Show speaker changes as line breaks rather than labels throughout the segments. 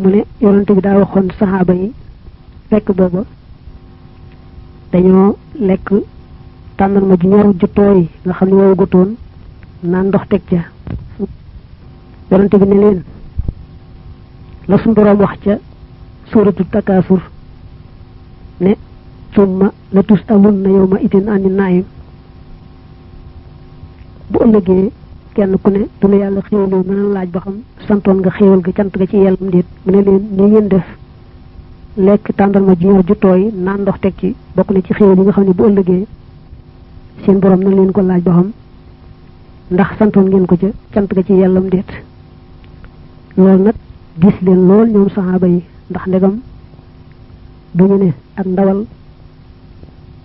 mu ne yonent bi daa waxoon saxaaba yi fekk booba dañoo lekk tàndarma ju ñor ju tooy nga xam ne wow gutoon naan ndox teg ca yonent bi ne leen la suñu boroom wax ca suuratu takaasur ne summa la tus amun na yow ma itin ani naayim bu ëllëgee kenn ku ne du la yàlla xéewaloo mën a laaj ba xam santoon nga xéewal ga cant ga ci yellam déet mu ne leen ni ngeen def lekk tàndarma ji ñor ju tooy naan ndox teg ci bokk na ci xéewal yi nga xam ne bu ëllëgee seen borom na leen ko laaj ba xam ndax santoon ngeen ko ca cant ga ci yellam déet loolu nag gis leen lool ñoom saxaaba yi ndax ndegam duñu ne ak ndawal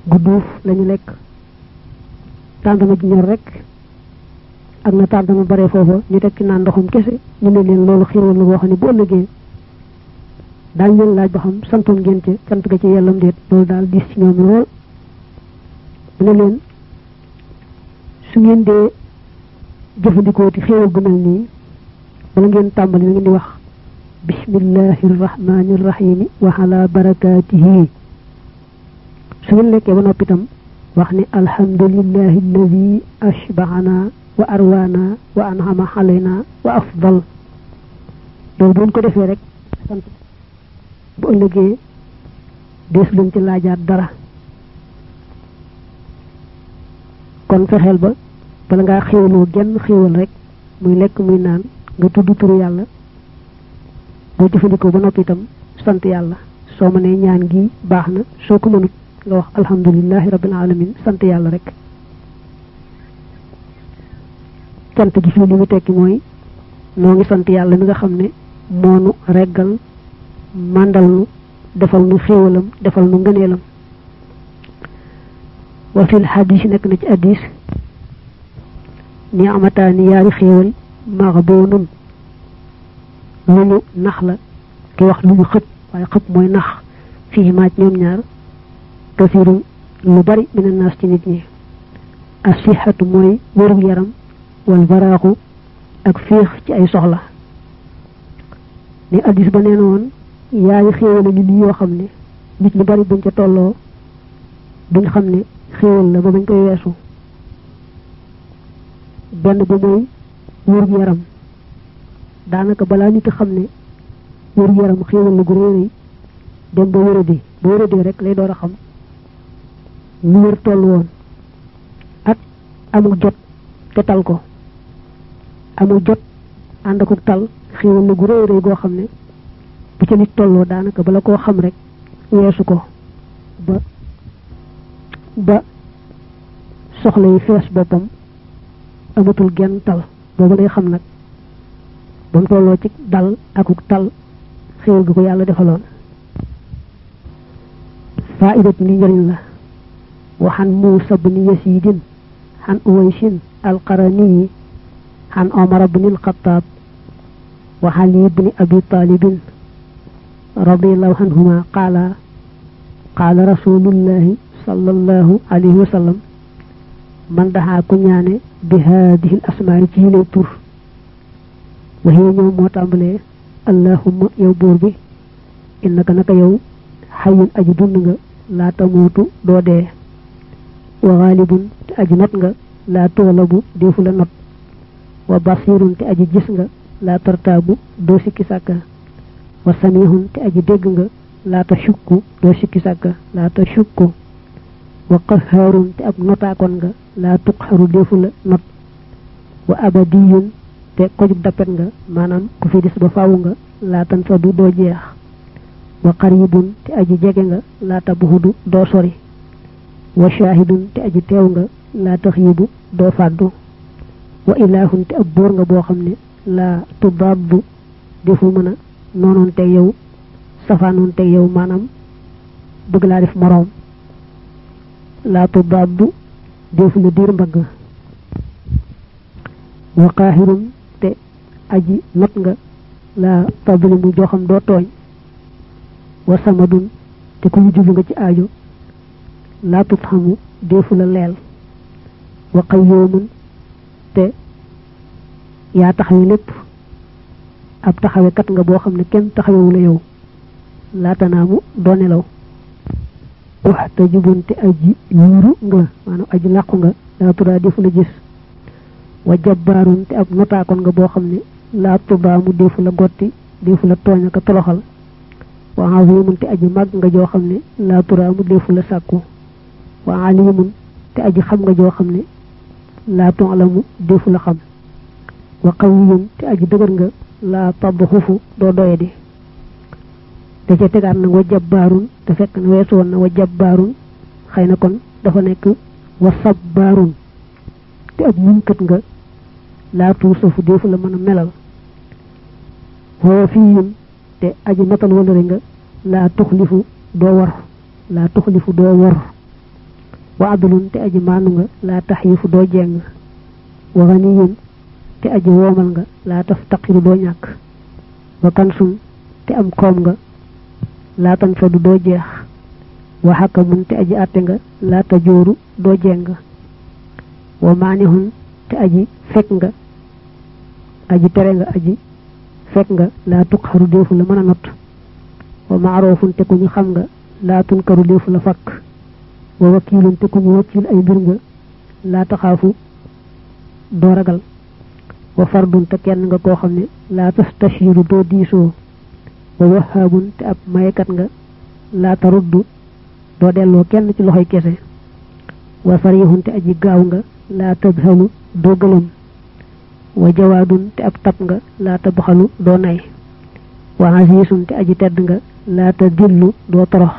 gu duuf lañu lekk tàndarma ji rek ak na tardé mu bare foofa ñu tekki naan ndoxum kese ñu ne leen loolu xéewal la boo ne bu ëllëgee daañu leen laaj ba xam santoon ngeen ca sant ga ci yàllam déet loolu daal gis ci ñoom lool mu ne leen su ngeen dee jëfandikooti xéewal gu mel nii wala ngeen tàmbali na ngeen di wax bismillahi rahmani rahimi wa ala barakatihi su ngeen lekkee ba noppi wax ni alhamdulillahi alladi ashbaana wa arwaana wa anhama xalayna wa afdal loolu buñ ko defee rek sant bu ëllëgee dees luñ ci laajaat dara kon fexeel ba bala ngaa xéwloo genn xéwal rek muy lekk muy naan nga tudd turu yàlla boo jëfandikoo ba noppi itam sant yàlla soo ne ñaan gi baax na soo ko mënut nga wax alhamdulilahi rabbil alamin sant yàlla rek sant gi fii li mu tekki mooy noo ngi sant yàlla mi nga xam ne moonu reggal màndal nu defal nu xéewalam defal nu ngëneelam wa fil xadis nekk na ci addis ni amataani yaari xéewal maxboonun lu ñu nax la ki wax lu ñu xëpp waaye xëpp mooy nax fii maaj ñoom ñaar lu bari mina naas ci nit ñi asihatu mooy wéru yaram wal varaaxu ak féex ci ay soxla ne addis ba nee na woon yaay xéewal a ngi yoo xam ne nit ñu bari buñ ca tolloo duñ xam ne xéewal la ba bañ koy weesu benn ba mooy wér yaram daanaka balaa nit xam ne wér yaram xéewal la gu réeréy dem rek lay door a xam ñu wér toll woon ak amul jot te tal ko amul jot ànd ak tal xéwal na gu rëy rëy goo xam ne bu ca nit tolloo daanaka bala koo xam rek weesu ko ba ba soxla yi fees boppam amatul genn tal boobu lay xam nag ba mu tolloo ci dal akuk tal xéwal gi ko yàlla defaloon faidat ni njëriñ la waxan muusa bni yasidin xan uwaysin alqaraniyi an omar bni alxataab wa ali bni abi taalibin radiallahu anhuma qaala qaala rasulullahi sallallahu alayhi wa sallam man daxaa ku ñaane bi haadihi al asmaa ci yi lay tur waxii ñëw moo tàmbalee allahumma yow buur bi innaka naka yow xayun aji dund nga laa tamuutu doo dee wa xaalibun te aji not nga laa tuxlabu deefu la not wa basirun te aji gis nga laa tartaabu doo sikki sàkka wa samihun te aji dégg nga laata shukku doo sikki sàkka laata shukku wa qaharun te ab notaakoon nga laa tuqxaru deefu la not wa abadiyun te kojub dappet nga maanaam ku fi des ba faaw nga laatan fa du doo jeex wa qaribun te aji jege nga laata buhudu doo sori wa shaahidun te aji teew nga laa tax yibu doo fàddu wa ilahun te ab buur nga boo xam ne laa tubaab defu mën a noonoon tey yow safaanoon tey yow maanaam bëgg laa def moroom laa tubaab defu la diir mbagg wa qaahirum te aji not nga laa tablimu joo xam doo tooñ wa samadun te ku ñu jublu nga ci aajo laa tutxamu deefu la leel wa qayyoomun te yaa taxawe lépp ab taxawe kat nga boo xam ne kenn taxawewu la yow laata naa mu doo nelaw wax te jubante aji yuuru nga maanaam aji làqu nga laa turaa defu la gis wa jabbaarun te ab notaakoon nga boo xam ne laa tubaa mu defu la gotti defu la tooñ ak toloxal wa azimun te aji nga joo xam ne defu la sàkku wa alimun te aji xam nga joo xam ne laa toxla mu defu la xam wa qawiyun te aji dëgër nga laa pàbb xufu doo doye di da ca tegaat nag wa jabbaarun te fekk na weesu na wa jabbaarun xëy na kon dafa nekk wa sabbaarun te ab muñkat nga laa tuusafu deefu la mën a melal wa fiyun te aji matal walëri nga laa tuxlifu doo war laa tuxlifu doo war wa adlun te aji maanu nga laa tax yifu doo jeng wa ganiyun te aji woomal nga laa taf taqiru doo ñàkk wa kansun te am kom nga laa tan fadu doo jeex wa xakamun te aji àtte nga laa tajooru doo jeng wa maanihun te aji fekk nga aji tere nga aji fekk nga laa tuqaru déefu la mën a not wa maaroofun te ku ñu xam nga laa tunkaru déefu la fakk wa wakiilun te ku ñu wakiil ay mbir nga laa taxaafu doo ragal wa fardun te kenn nga koo xam ne laa tastashiru doo diisoo wa wahaabun te ab mayekat nga laa taruddu doo delloo kenn ci loxoy kese wa sarihun te aji gaaw nga laa tabhalu doo gëlëm wa jawaadun te ab tab nga laa tabxalu doo nay wa asiisun te aji tedd nga laa tadillu doo torox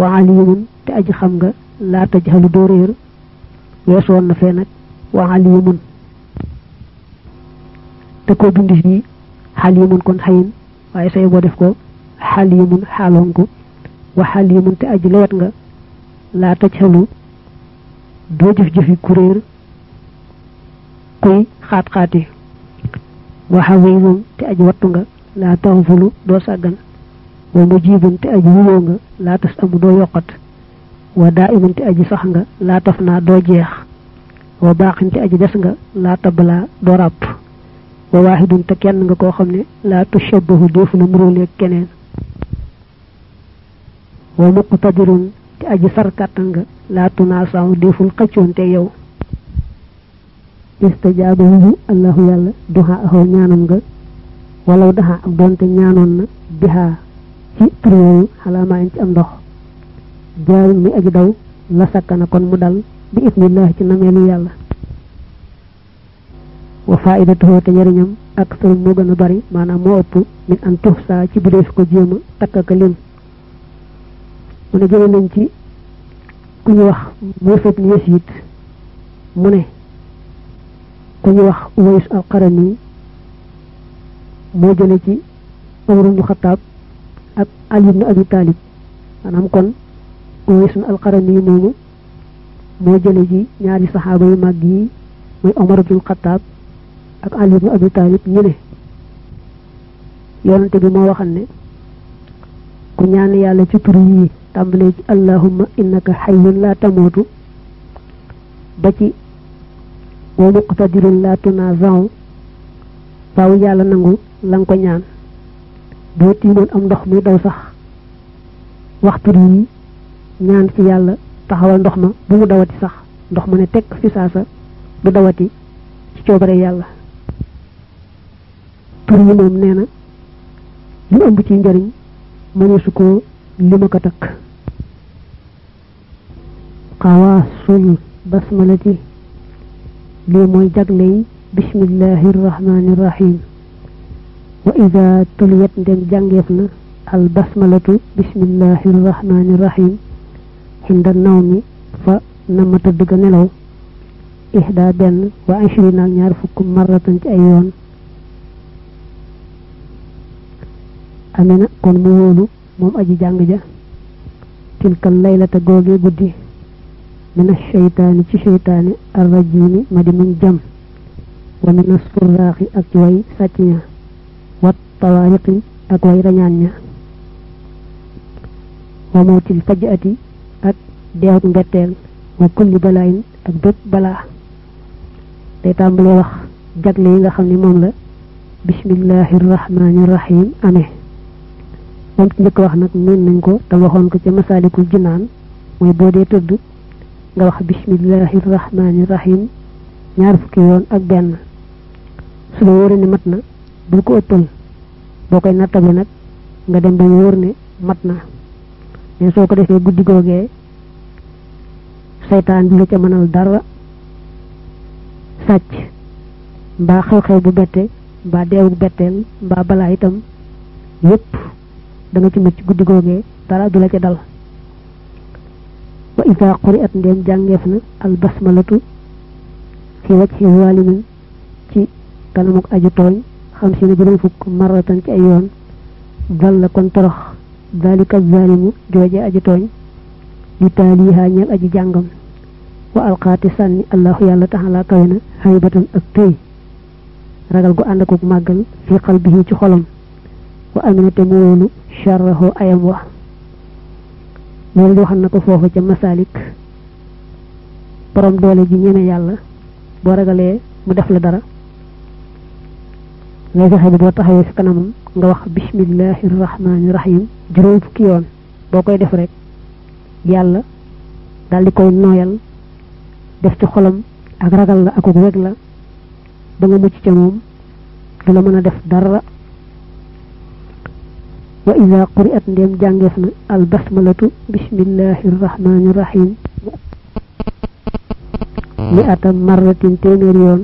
wa alimun te aji xam nga laa tajhalu doo réer weesoon na fee nag wa alimun te koo bind fii xalimun kon xayin waaye say boo def ko xalimun xaaloon ko wa xalimun te aji lewet nga laa taj xalu doo jëf-jëfi kuréer kuy xaat-xaati wa xawiyun te aji wattu nga laa taxafulu doo sàggan wa mujibun te aji wuyoo nga laa tas amu doo yokkat wa daa iman te aji sax nga laa taf naa doo jeex wa baaxin te aji des nga laa tabalaa doo ràpp wa waahidun te kenn nga koo xam ne laa tushabbahu doofu na muróoleeg keneen wa muqtadirun te aji sarkàttan nga laa tunaasamu déeful xëccoonte yow istajaaba wu allahu yàlla duha axoo ñaanam nga walaw daxa ak doonte ñaanoon na bihaa ci turyooyu xalaamaa ci am ndox jaawin mi aji daw la sakkana kon mu dal bi ismillah ci nameelu yàlla wa faidatuhu te njëriñam ak solo moo gën a bari maanaam moo ëpp min an tux saa ci bu dee ko jéem a takk ak mu ne jëlee ci ku ñu wax Muusat mu ne ku ñu wax Uways al-Qarani ci Umar ibn Xattaab ak Ali ibn Abi Taalib kon Uways al-Qarani moomu moo jëlee ci ñaari saxaaba yu màgg yi muy Umar ibn Xattaab ak Ali ibn Abi Talib ñu ne yonante bi moo waxal ne ku ñaan yàlla ci tur yii tàmbalee ci allahumma innaka xayyun laa tamootu ba ci wa muqtadirun laa tunaazaw faaw yàlla nangu la ko ñaan boo tiimoon am ndox muy daw sax waxtu yi ñaan ci yàlla taxawal ndox ma bu mu dawati sax ndox ma ne teg fi saasa du dawati ci coobare yàlla tur moom nee na li ëmb ci njariñ mëneesu ko li ma ko takk xawaasul basmalati lii mooy jagley bismillahi irrahmani irrahim wa ida tuliyat ndem jàngeef na al basmalatu bismillahi irrahmani irrahim xinda naw fa na ma tëdd ga nelaw ihda benn wa ashrina ak ñaar fukk marratan ci ay yoon amee na kon mu wóolu moom aji jàng ja tilkal laylata googee guddi mina seytaani ci seytaani arrajiimi ma di muñ jam wa mina surraaxi ak ci way sàcc ña wat tawaariqi ak way rañaan ña wa mawtil fajaati ak deewuk mbetteel wa kulli balaayin ak bépp balaa day tàmbalee wax jagle yi nga xam ne moom la bismillaahi rahmaani moom ci njëkk wax nag miin nañ ko te waxoon ko ca masaalikul jinaan mooy boo dee tëdd nga wax bismillahi rahmaani rahim ñaar fukki yoon ak benn su la wóoree ne mat na bul ko ëppal boo koy nattable nag nga dem ba wóor ni mat na mais soo ko defee guddi googee saytaan bi lu ca mënal dara sàcc mbaa xew-xew bu bette mbaa deewu betteel mbaa balaa itam yépp da nga ci mucc guddi googee dara du la ca dal wa ida quri'at ndéem jàngeef na al basmalatu fi wajhi zalimin ci kanamuk aju tooñ xam si na juróom fukk maratan ci ay yoon dal la kon torox dalika zalimu jooje aju tooñ li taaliha ñeel aji jàngam wa alqaati sànni allahu yàlla taxala kawe na haybatan ak tëy ragal gu ànd ak màggal fi qalbihi ci xolam wa aminate mu wóolu sharrahu ayam wa loolu na ko foofu ca masalik boroom doole ji ñeme yàlla boo ragalee mu def la dara ngay fexe bi boo taxawee si kanamam nga wax bismillahi rahmaani rahim juróom fukki yoon boo koy def rek yàlla daal di koy nooyal def ci xolam ak ragal la ak weg la ba nga mucc ca moom du la mën a def dara wa ida quriat ndéem jàngeef na al basmalatu bismillahi rahmani rahim mi ata marratin téeméer yoon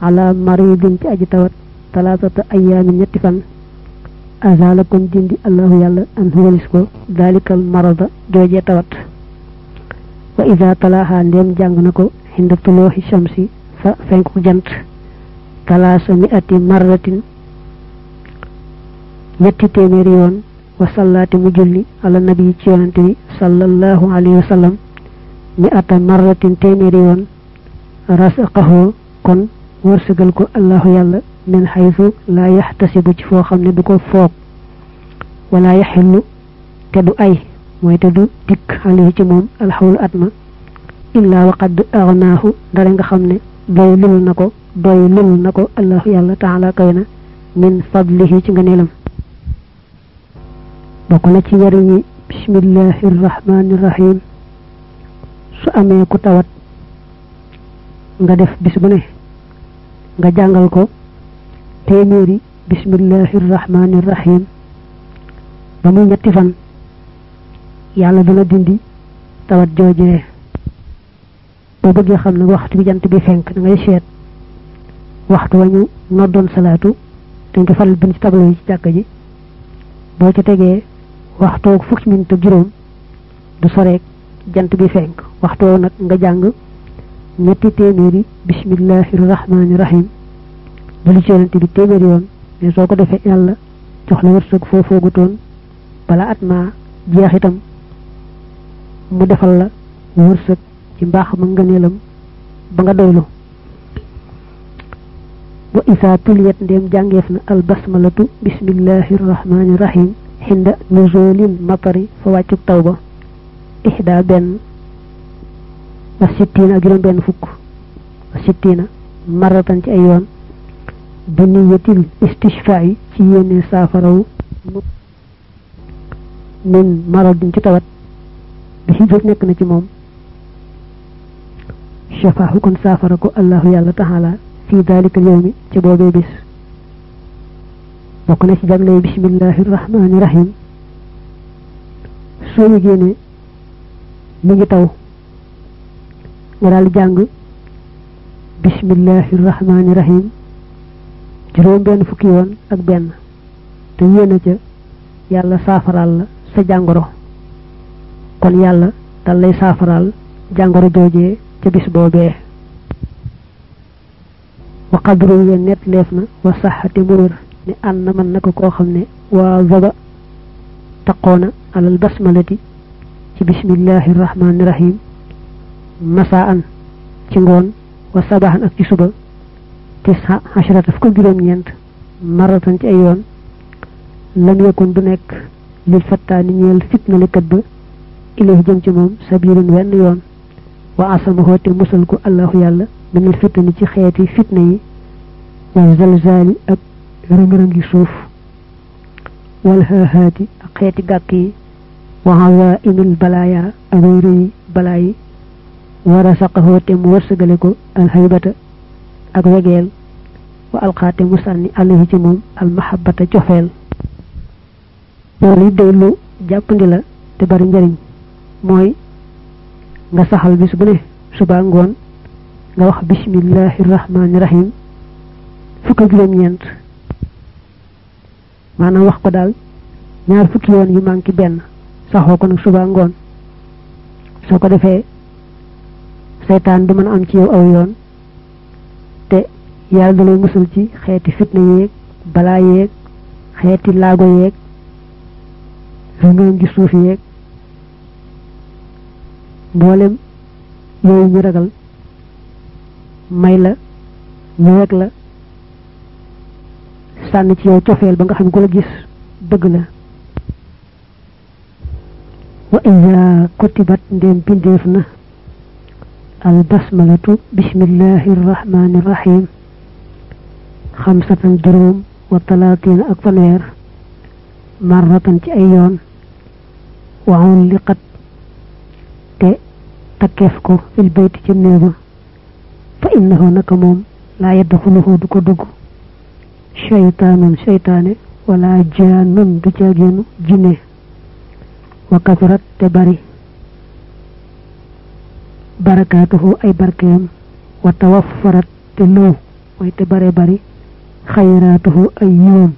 ala maridin ci aji tawat talaatata ayaamin ñetti fan azala dindi allahu yàlla an walis ko dalikal marada joojee tawat wa ida talaaha ndéem jàng na ko xinda tulooxi shamsi fa fenku jant talaasa mi ati marratin ñetti téeméeri yoon wa sallaati mu julli ala nabi ci yonante bi sallallahu alayhi wa mi ata marratin téeméeri yoon rasaqahu kon wërsëgal ko allahu yàlla min xaysu laa yaxtasibu ci foo xam ne du ko foog wala yaxillu te du ay mooy te du dikk ci moom alxawlu at ma illaa waqad agnaahu dara nga xam ne doy lul na ko doy lul na ko allahu yàlla taala kay na min fadlihi ci ngëneelam bokk na ci njariñi bismillahi rahmaani rahim su amee ku tawat nga def bis nga jàngal ko téeméeri bismillahi rahmaani rahim ba muy ñetti fan yàlla dana dindi tawat joojee boo bëggee xam ne waxtu bi jant bi fenk da seet waxtu wa noddoon salaatu dañ ko faral bind ci tableau yi ci jàkka ji boo ci tegee waxtu fukki minit ak juróom du soreek jant bi fenk waxtoo nag nga jàng ñetti téeméeri bismillahi rahmaani rahim dali ci yonent bi téeméeri yoon mais soo ko defee yàlla jox la wërsëg foo foogutoon bala at maa jeex itam mu defal la wërsëg ci mbaax ma ngëneelam ba nga doylu wa isaa tuliyat ndéem jàngeef na albasmalatu bismillahi rahmaani rahim xinda nuzulil matari fa wàccuk taw ba ixda benn wa benn fukk wa sittiina maratan ci ay yoon bi niyatil istishfa yi ci yéene saafarawu min maradin ci tawat bi ci jot nekk na ci moom shafaahu kon saafara ko allahu yàlla taxala fi dalika al yawmi ci boobee bis bokk na ci jagley bismillahi rahmaani rahim soo yëgee ne mu ngi taw nga daal di jàng bismillahi juróom benn fukki yoon ak benn te yéena ca yàlla saafaraal la sa jàngoro kon yàlla dal lay saafaraal jàngoro joojee ca bis boobee wa qadru ya net leef na wa saxati mu wér ne ànd na mën naka koo xam ne waa zaba taqoona alal basmalati ci bismillahi rahmaani rahim masaan ci ngoon wa sabaxan ak ci suba tisa asharata fukk ak juróom-ñeent maratan ci ay yoon lam yakun du nekk lil fattaani ñeel fitnalikat ba ilay jëm ci moom sabilun wenn yoon wa asamahu te musal ko allahu yàlla minal fitnani ci xeeti fitna yi wa zalzali ak rëng-rëngi suuf wal haahaati ak xeeti gàkk yi waxawaa imil balaaya ak rëy rëyi balaa yi war a saqaxoo te wërsëgale ko alxaybata ak wegeel wa alxaate mu sànni alayhi ci moom almahabata cofeel loolu it day lu jàppandi la te bari njariñ mooy nga saxal bis bu ne suba ngoon nga wax bismillahi fukk juróom-ñeent maanaam wax ko daal ñaar fukki yoon yu manqué benn saxoo ko nag suba ngoon soo ko defee seytaan du mën a am ci yow aw yoon te yàlla da lay musul ci xeeti fitna yeeg balaa yeeg xeeti laago yéeg rëngërëm gi suuf yeeg mboolem yooyu ñu ragal may la ñu weg la sànni ci ba nga xam ko la gis dëgg la wa ida kutibat ndéem bindeef na al basmalatu bismillahi irrahmani irrahim xamsatan juróom wa talaatiina ak fanweer marratan ci ay yoon waxoon li te takkeef ko fil bayti ci néega fa innahu naka moom laa yaddaxuluhu du ko dugg cheytaanun cheytaane wala jaanun du caageenu jinne wa kasurat te bari barakaatuhu ay barkeem wa tawaffarat te lëw mooy te bare bari xayraatuhu ay yiwam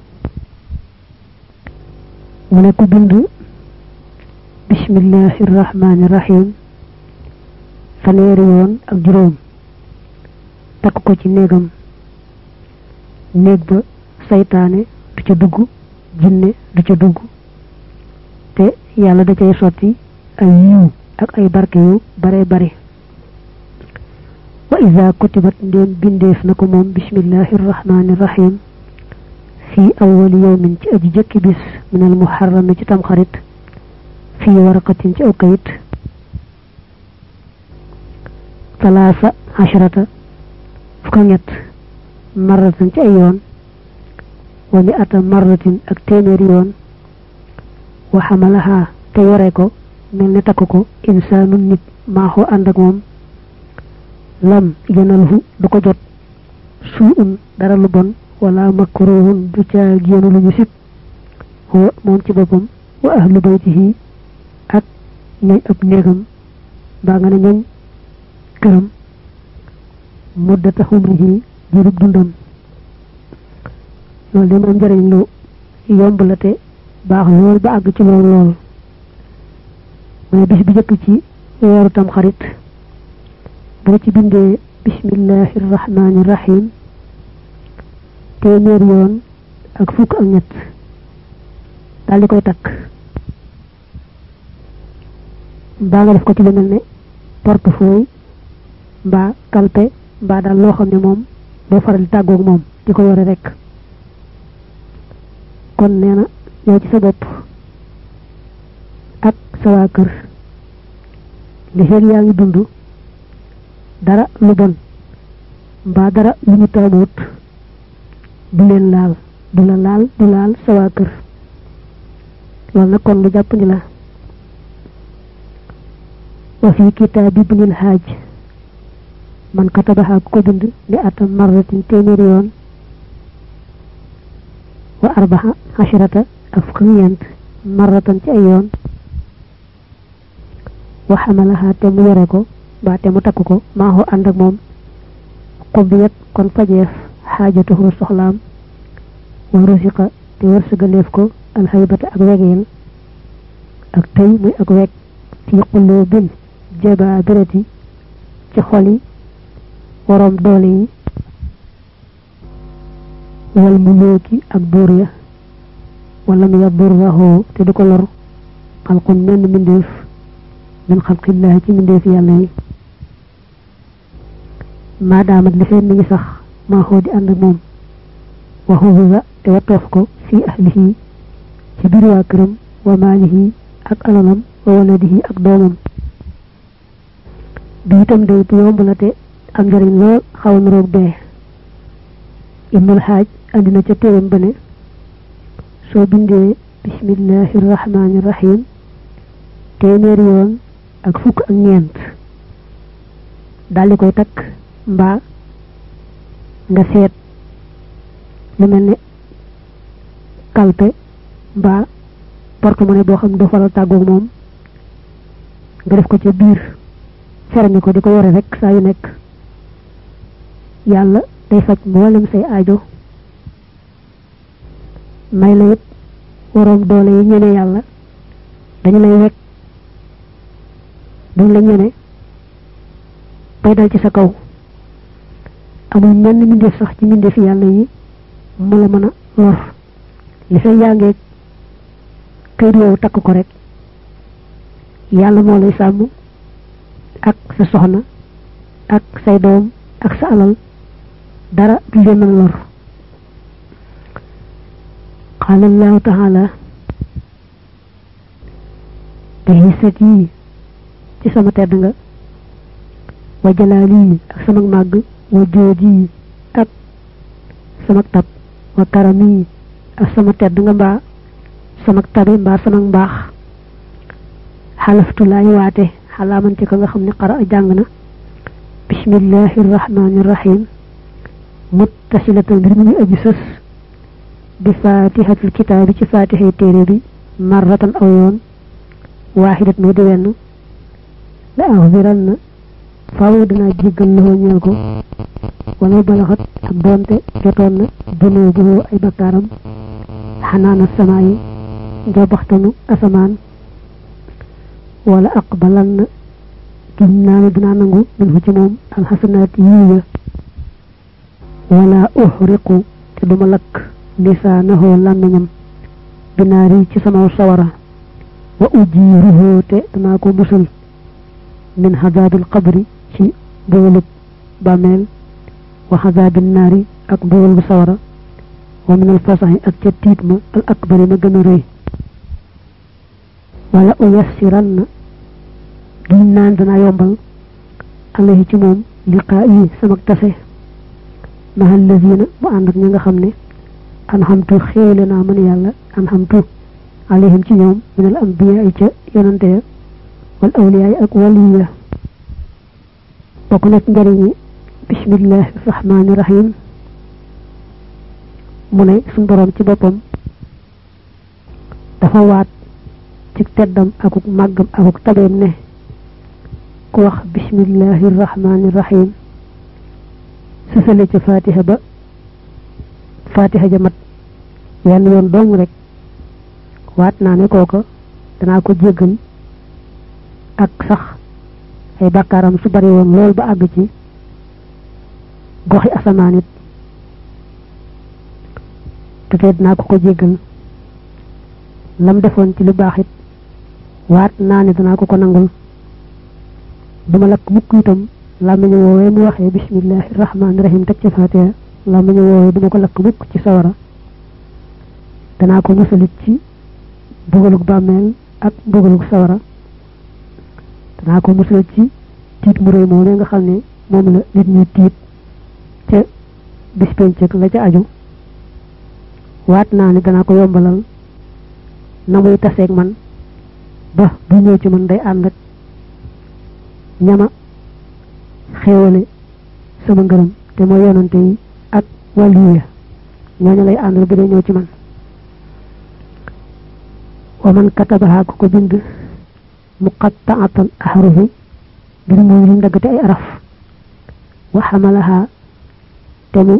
mu ne ku bind bismillahi rahmaani rahim faneeri yoon ak juróom takk ko ci néegam néeg ba saytaane du ca dugg jinne du ca dugg te yàlla da cay sotti ay yiw ak ay barke yu bare bare wa iza kutibat ndéem bindeef na ko moom bismillahi rahmaani rahim fii awwali yawmin ci aji jëkki bis minal muharrami ci tamxarit fii waraqatin ci aw kayit talaasa asharata fukka ñett marratan ci ay yoon wa mi ata marratin ak téeméeri yoon wa xamalaha te ko mel ne takk ko insaanun nit maaxoo ànd ak moom lam yanalhu du ko jot suun dara lu bon wala makruhun du ca génn lu ñu sib huwa moom ci boppam wa ahlu baytihi ak ñooñ ab néegam baa nga ñooñ këram muddata xumrihi jurub dundam loolu de moom njëriñ lu yomb la te baax lool ba àgg ci moom lool mu bis bi jëkk ci weeru tam xarit boo ci bindee bismillahi rahmaani rahim téeméer ak fukk ak ñett daal di koy takk mbaa nga def ko ci lu mel ne portefeuille mbaa kalpe mbaa daal loo xam ne moom doo faral di tàggoog moom di ko yore rek kon nee na yow ci sa bopp ak sa waa kër li xeeg yaa ngi dund dara lu bon mbaa dara lu ñu taamuwut du leen laal du la laal du laal sa waa kër loolu nag kon lu jàpp ni la wa fi kitaabi ibnil haaj man katabaha ku ko bind li atam marratin téeméeri yoon wa arbaa asharata ak fukk ak ñeent marratan ci yoon wa xamalaha mu yore ko ba mu takk ko maaxoo ànd ak moom qubiyat kon fajeef xaajatuhu soxlaam wa rusiqa te wërsëgaleef ko alxaybata ak wegeel ak tey muy ak weg fi qulubil jabaabirati ci xol waroom doole wal muluuki ak buur ya walam yadurrahu te du ko lor xalqun menn mbindeef min xalqillaahi ci mbindeef yàlla yi maadaamat li feen mi ngi sax maa xoo di ànd ak moom waxubuga te watoof ko fii ahlihi ci biir waa këram wa maalihi ak alalam wa waladihi ak doomam bi itam day bu yomb la te am njëriñ lool xaw niroog bee imnul xaaj andi na ca téeram ba ne soo bindee bismillahi rahmaani rahim téeméeri yoon ak fukk ak ñeent daldi koy takk mbaa nga seet lu mel ne kalpe mbaa porte boo xam ne doo faral tàggoog moom nga def ko ca biir ferme ko di ko yore rek saa yu nekk yàlla day faj mboolem say aajo may la it waroom doole yi ñene yàlla dañu lay wekk duñ la ñene bay dal ci sa kaw amul menn mbindeef sax ci mbindeef yàlla yi mu la mën a lor li fay yaa ngeeg kayit takk ko rek yàlla moo lay sàmm ak sa soxna ak say doom ak sa alal dara du leen mën a lor qaala allahu ci sama tedd nga wa jalaal yi ak sama màgg wa jooj yi ak sama tab wa karam yi ak sama tedd nga mbaa sama tabi mbaa sama mbaax xalaftu laay waate xalaaman ci ko nga xam ne xara jàng na bismillahi rahmaani rahim muttasila mbir mi aji sës bi faatihatul kitaabi ci faatihay téere bi marratan aw yoon waaxidat di wenn la axfiran na faaw dinaa jéggal loxo ñeel ko wala balaxat ak doonte jotoon na dunoo bu ay bakkaaram xanaana samaa yi njobaxtanu asamaan wala aqbalan na gim naa ne dinaa nangu min hu ci moom alxasanaat yiw ya wala uxriqu te duma lakk lisaanahu làmmiñam binaari ci samaw sawara wa ujiiruhu te danaa ko musal min xazaabil qabri ci buwulub bàmmeel wa xazaabil naari ak buwul sawara wa min al fasaxi ak ca tiit ma al akbari ma gën a rëy wala u na giñ naan yombal alayhi ci moom liqaa yi sama tase mahal lazina bu ànd ak ña nga xam ne an xamtu xéewale naa man yàlla an xamtu alayhim ci ñoom minal ambiya yi ca yonante ya wal awliya ak wàllu ya bokk nag njariñi bismillahi rahmaani rahim mu ne suñ ci boppam dafa waat ci teddam akuk màggam akuk tabeem ne ku wax bismillahi rahmaani rahim sësale ca fatiha ba faatiha ja mat wenn yoon dong rek waat naa ne kooka danaa ko jéggal ak sax ay bakkaaram su bare woon lool ba àgg ci goxi asamaan it te tey dinaa ko ko jéggal lam defoon ci lu baax waat naa ne danaa ko ko nangul duma lakk mukk itam làmmiñ woowee mu waxee bismillaahi rahmaani rahim teg ca faatiha la mu ñu woowu duma ko lakk mukk ci sawara danaa ko musalit ci mbugalug bàmmeel ak mbugalug sawara danaa ko musalit ci tiit mu réy moom nga xam ni moom la nit ñi tiit ca bis la ca aju waat naa ni danaa ko yombalal na muy taseeg man ba bu ñëw ci man day ànd ak ñama xéewale sama ngërëm te mooy yonante yi wàllu ya ñooñu lay àndal bu dee ci man wa man katabaha ku ko bind muqattaatan ahrufi ngir mooy ay araf wa xamalaha te mu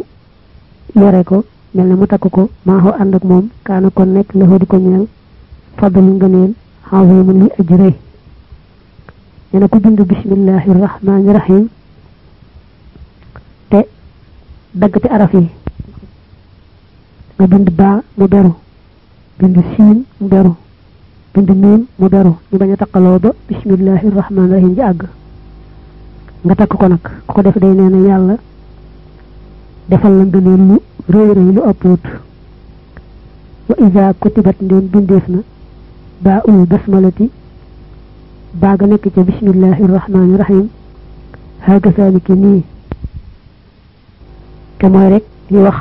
yore ko mel ne mu takk ko maaxoo ànd ak moom kaana kon nekk la di ko ñeel fadlu nga neel xaw ma mun li aji bind bismillahi daggati araf yi nga bind baa mu beru bind siin mu beru bind miim mu beru ñu bañ a taqaloo ba bismillahi ji àgg nga takk ko nag ku ko def day nee yàlla defal la ngëneel lu rëy rëy lu ëppoot wa isa kutibat ndeen bindeef na baa ul basmalati baa nga nekk ca bismillahi rahmaani rahim xaaga ki nii te mooy rek ñu wax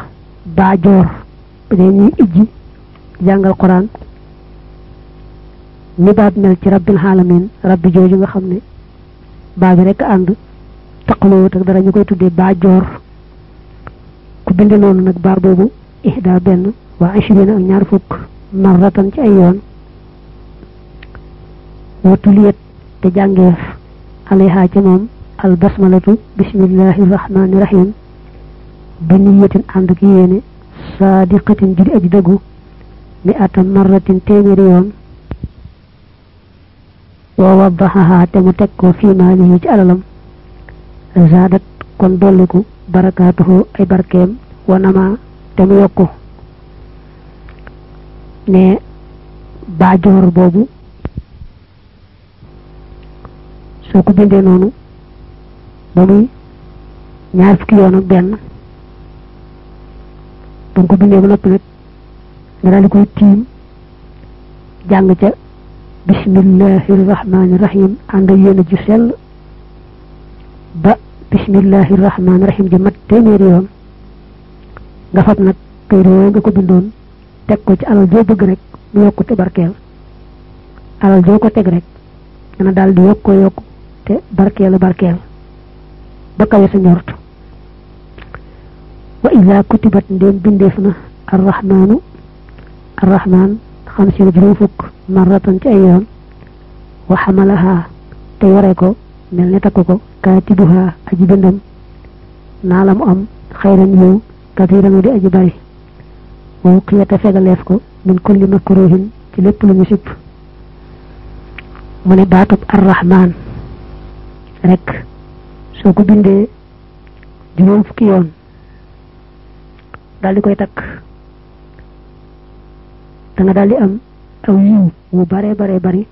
baajoor bu dee ñuy ijji jàngal quran ni baab mel ci rabbil alamin rabbi jooju nga xam ne baa bi rek ànd taqaloo tak dara ñu koy tuddee baajoor ku bind loolu nag baa boobu ihda benn waa ashirina ak ñaar fukk marratan ci ay yoon watuliyat te jàngeef alayha ca moom albasmalatu bismillahi rahmani rahim bi niyatin ànd ak yéene saadiqatin ju di aji dëggu mi ata marratin téeméeri yoon wa waddaxaha te mu teg ko fii maalihi ci alalam zaadat kon dolliku barakaatuhu ay barkeem wanama te mu yokku ne baajoor boobu soo ko bindee noonu ba muy ñaar fukki yoon ak benn ba nga ko bindee ba noppi nag nga daal di koy tiim jàng ca bismillahi rahmaani rahim ànd ju sell ba bismillahi rahmaani rahim ja yoon nga fab nag kayit yooyu nga ko bindoon teg ko ci alal joo bëgg rek mu yokku te barkeel alal joo ko teg rek dana daal di yokk yokk te barkeelu barkeel ba kawe sa njort wa ida kutibat ndéem bindeef na arrahmaanu arrahmaan xam si na juróom fukk marratan ci ay yoon wa xamalahaa te yore ko mel ne takk ko kaatibuhaa aji bindam naa la mu am xayran yow kasiiranu di aji bari wa wuqiyata fegaleef ko min kulli makruhin ci lépp lu ñu mu ne baatub arrahmaan rek soo ko bindee juróom fukki yoon daal di koy takk da nga am aw yiw wu baree baree bari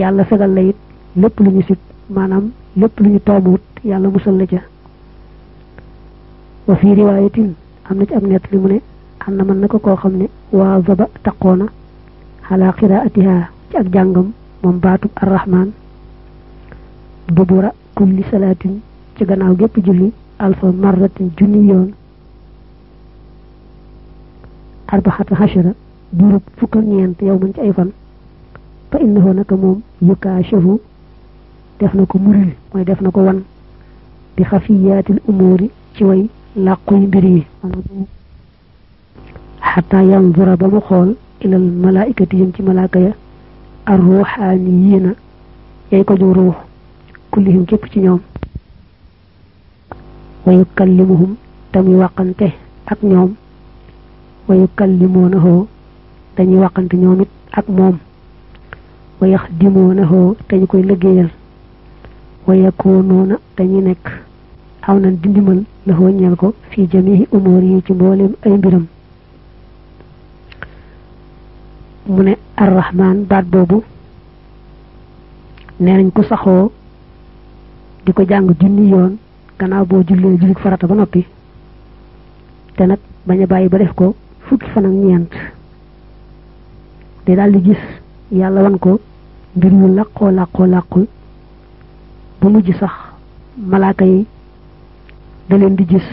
yàlla fegal la it lépp lu ñu sib maanaam lépp lu ñu toobuwut yàlla musal la ca wa fii riwaayatin am na ci am nett li mu ne am na mën na ko koo xam ne waa zaba taqoona xalaa qiraatiha ci ak jàngam moom baatub arrahman dubura kulli salaatin ci gannaaw gépp julli alfa marratin junni yoon arbaxata hashara diirub fukk ak ñeent yow man ci ay fan fa innahu naka moom yukaashafu def na ko muril mooy def na ko wan bi xafiyaatil umuuri ci way làquy mbir yi xataa yanzura ba mu xool ilal malaaikati yëm ci malaaka ya ar yay ko ju ruux kullihim képp ci ñoom wa yukallimuhum tamuy wàqante ak ñoom wa yukallimuunahu dañuy waxante ñoom it ak moom wa yaxdimuunahu te ñu koy liggéeyal wa yakunuuna dañuy nekk aw na di ndimbal la ñeel ko fii jamihi umóor yi ci mboole ay mbiram mu ne arrahman baat boobu nee nañ ko saxoo di ko jàng junni yoon gannaaw boo jullee jullit farata ba noppi te nag bañ a bàyyi ba def ko fukki fan ak ñeent day daal di gis yàlla wan ko mbir yu làqoo làqoo làqu ba mujj sax malaaka yi da leen di gis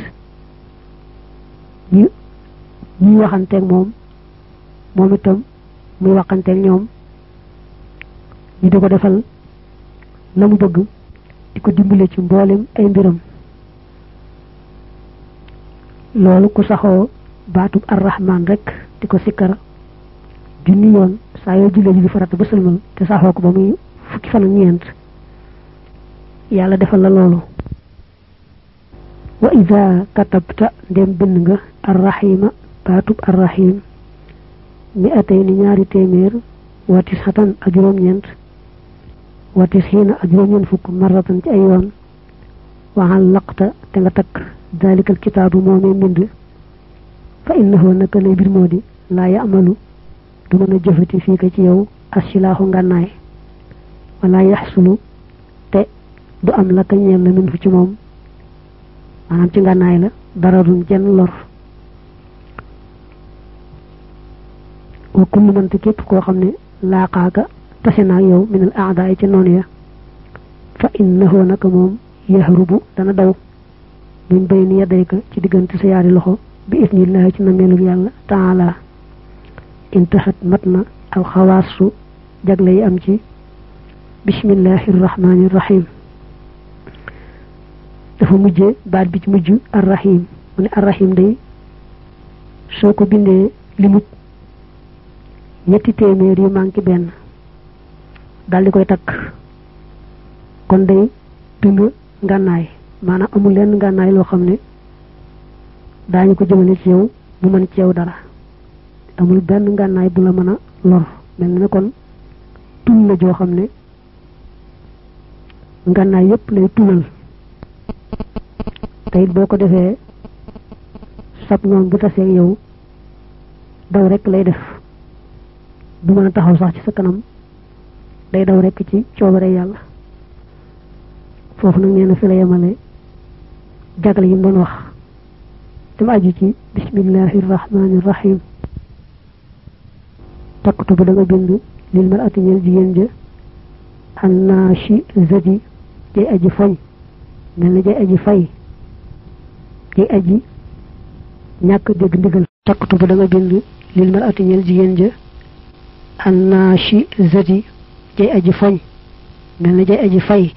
ñu ñuy waxanteeg moom moom itam muy waxanteeg ñoom ñu di ko defal na mu bëgg di ko dimbale ci mboolim ay mbiram loolu ku saxoo baatub arrahman rek di ko sikkar junni yoon saa yoo jullee julli farata ba sëlmal te saaxoo ko ba muy fukki fan ñeent yàlla defal la loolu wa ida katabta ndem bind nga arrahima baatub arrahim mi ni ñaari téeméer watis xatan ak juróom-ñeent watis xiina ak juróom-ñeent fukk marratan ci ay yoon waxal laqta te nga takk dalikal kitaabu moomee mbind fa innahu naka lay bir moo di laa yamalu du mën a jëfati fii ko ci yow asilaaxu ngànnaay wala yaxsulu te du am la ka la min fu ci moom maanaam ci ngànnaay la dara duñ jenn lor wa kullu képp koo xam ne laaqaaka tase naa yow minal aada yi ca noon ya fa innahu naka moom yahrubu dana daw min bayni yadayka ci diggante sa loxo bi idnillahi ci nameelug yàlla taala intahat mat na al xawaasu jagle yi am ci bismillahi rahmaani rahim dafa mujjee baat bi ci mujj arrahim mu ne arrahim day soo ko bindee li mut ñetti téeméer yu manqué benn dal di koy takk kon day dund ngànnaay maanaam amul lenn ngànnaay loo xam ne daañu ko jëmale ci yow mu mën ci yow dara amul benn ngànnaay bu la mën a lor mel na ne kon tul la joo xam ne ngànnaay yépp lay tulal te boo ko defee sab noonu bu tasee yow daw rekk lay def du mën a taxaw sax ci sa kanam day daw rekk ci coobare yàlla foofu nag nee na fi la yemale jagle yi mu doon wax te mu aju ci bismillahi rahmaani rahim takkutu ba a nga bind lil mar'ati ñeel jigéen ja annaashi zati jay jay aji ñàkk dégg ndigal takkutu ba da ja annaashi zati jay aji foñ mel jay aji fay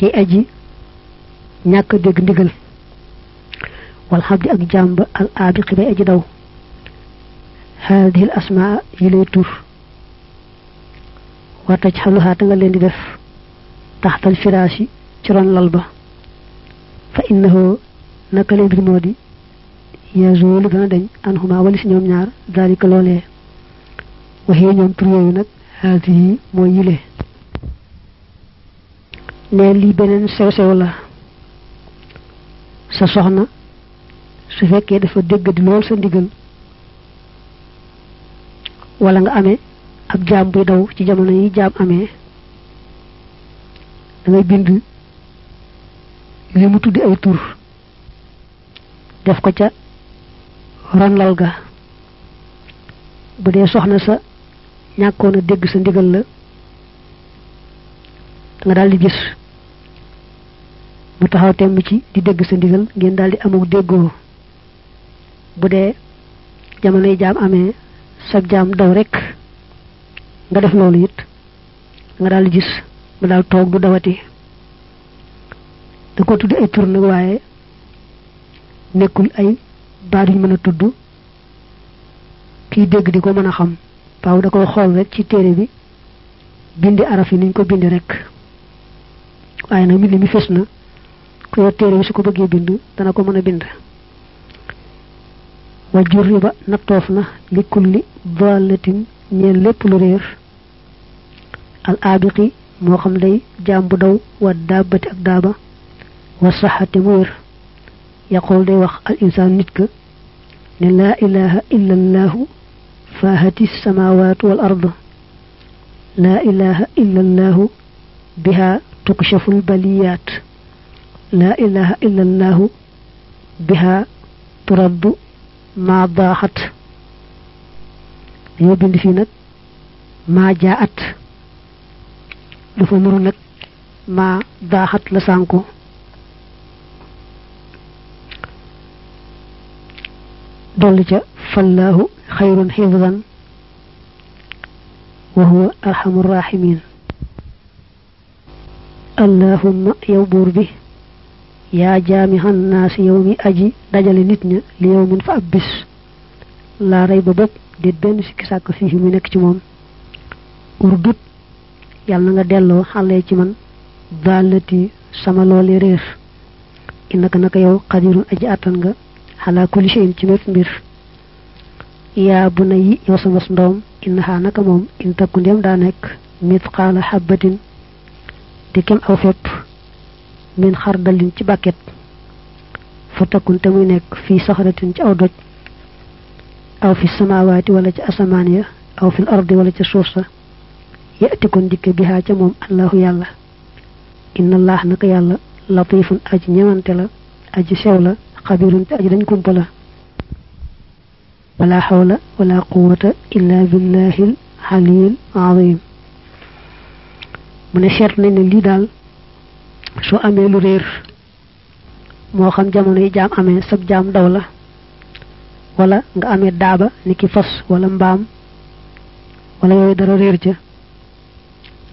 jay aji ñàkk dégg ndigal wal xabdi ak jàmb al aabiqi bay aji daw haadihi l asmaa yi lay tur wa tajxaluhaa ta nga leen di def taxtal firaasi ci ron lal ba fa innahu naka lay mbir moo di yazuulu dana dañ anhuma walis ñoom ñaar daalika loolee waxee ñoom tur yooyu nag haadihi mooy yile ne lii su fekkee dafa dégg di lool sa ndigal wala nga amee ab jaam buy daw ci jamono yi jaam amee da ngay bind li mu tuddi ay tur def ko ca ronlal ga bu dee soxna sa ñàkkoon a dégg sa ndigal la nga daldi di gis mu taxaw temm ci di dégg sa ndigal ngeen daal di amuk déggoo bu dee jamonoy jaam amee sab jaam daw rekk nga def loolu it nga daal gis mu daal toog du dawati da ko tudd ay tur nag waaye nekkul ay baat yu mën a tudd kiy dégg di ko mën a xam faaw da koy xool rek ci téere bi bindi araf yi niñ ko bindi rek waaye nag mbind mi fes na ku yor téere bi su ko bëggee bind dana ko mën a bind wa jurriba nattoof na li kulli dalatin ñeel lépp lu réer al abiqi moo xam day jaam bu daw wa daabati ak daaba wa saxate mu wér yaqool day wax al insaan nit ka ne laa ilaha illa allaahu faahati samaawaatu wal ard laa ilaha illa allaahu bihaa tukshaful baliyaat laa ilaha illa allaahu bihaa turaddu maa daaxat dañoo bind fii nag maa jaa at dafa la sànku dolli ca fallaahu xayrun xifdan wa huwa arxamu raximin allahumma yow buur bi yaa jaami xan naa si yow mi aji dajale nit ña li yow mun fa ab bis laa rey ba bopp déet benn sikki sàkk fii mu nekk ci moom urdut yàlla na nga delloo xale ci man daalati sama loole réer inaka naka yow xadirun aji àttan nga xalaa kulli shay'in ci mépp mbir yaa bu na yi yow sama ndoom inna xaa moom in takku ndem daa nekk mit xaala xabatin di aw fépp min xardalin ci bàkket fa takkun te muy nekk fii saxaratin ci aw doj aw fi samaawaati wala ci asamaan ya aw fil ardi wala ca suuf sa yati kon dikke bihaa ca moom allahu yàlla inna allah naka yàlla latifun aji ñewante la aji sew la xabirun te aji dañ kumpa la wala xawla wala quwata illa billahil aliyil azim mu ne seet nañ ne lii daal soo amee lu réer moo xam jamono yi jaam amee sab jaam daw la wala nga amee daaba ni ki fas wala mbaam wala yooyu dara réer ca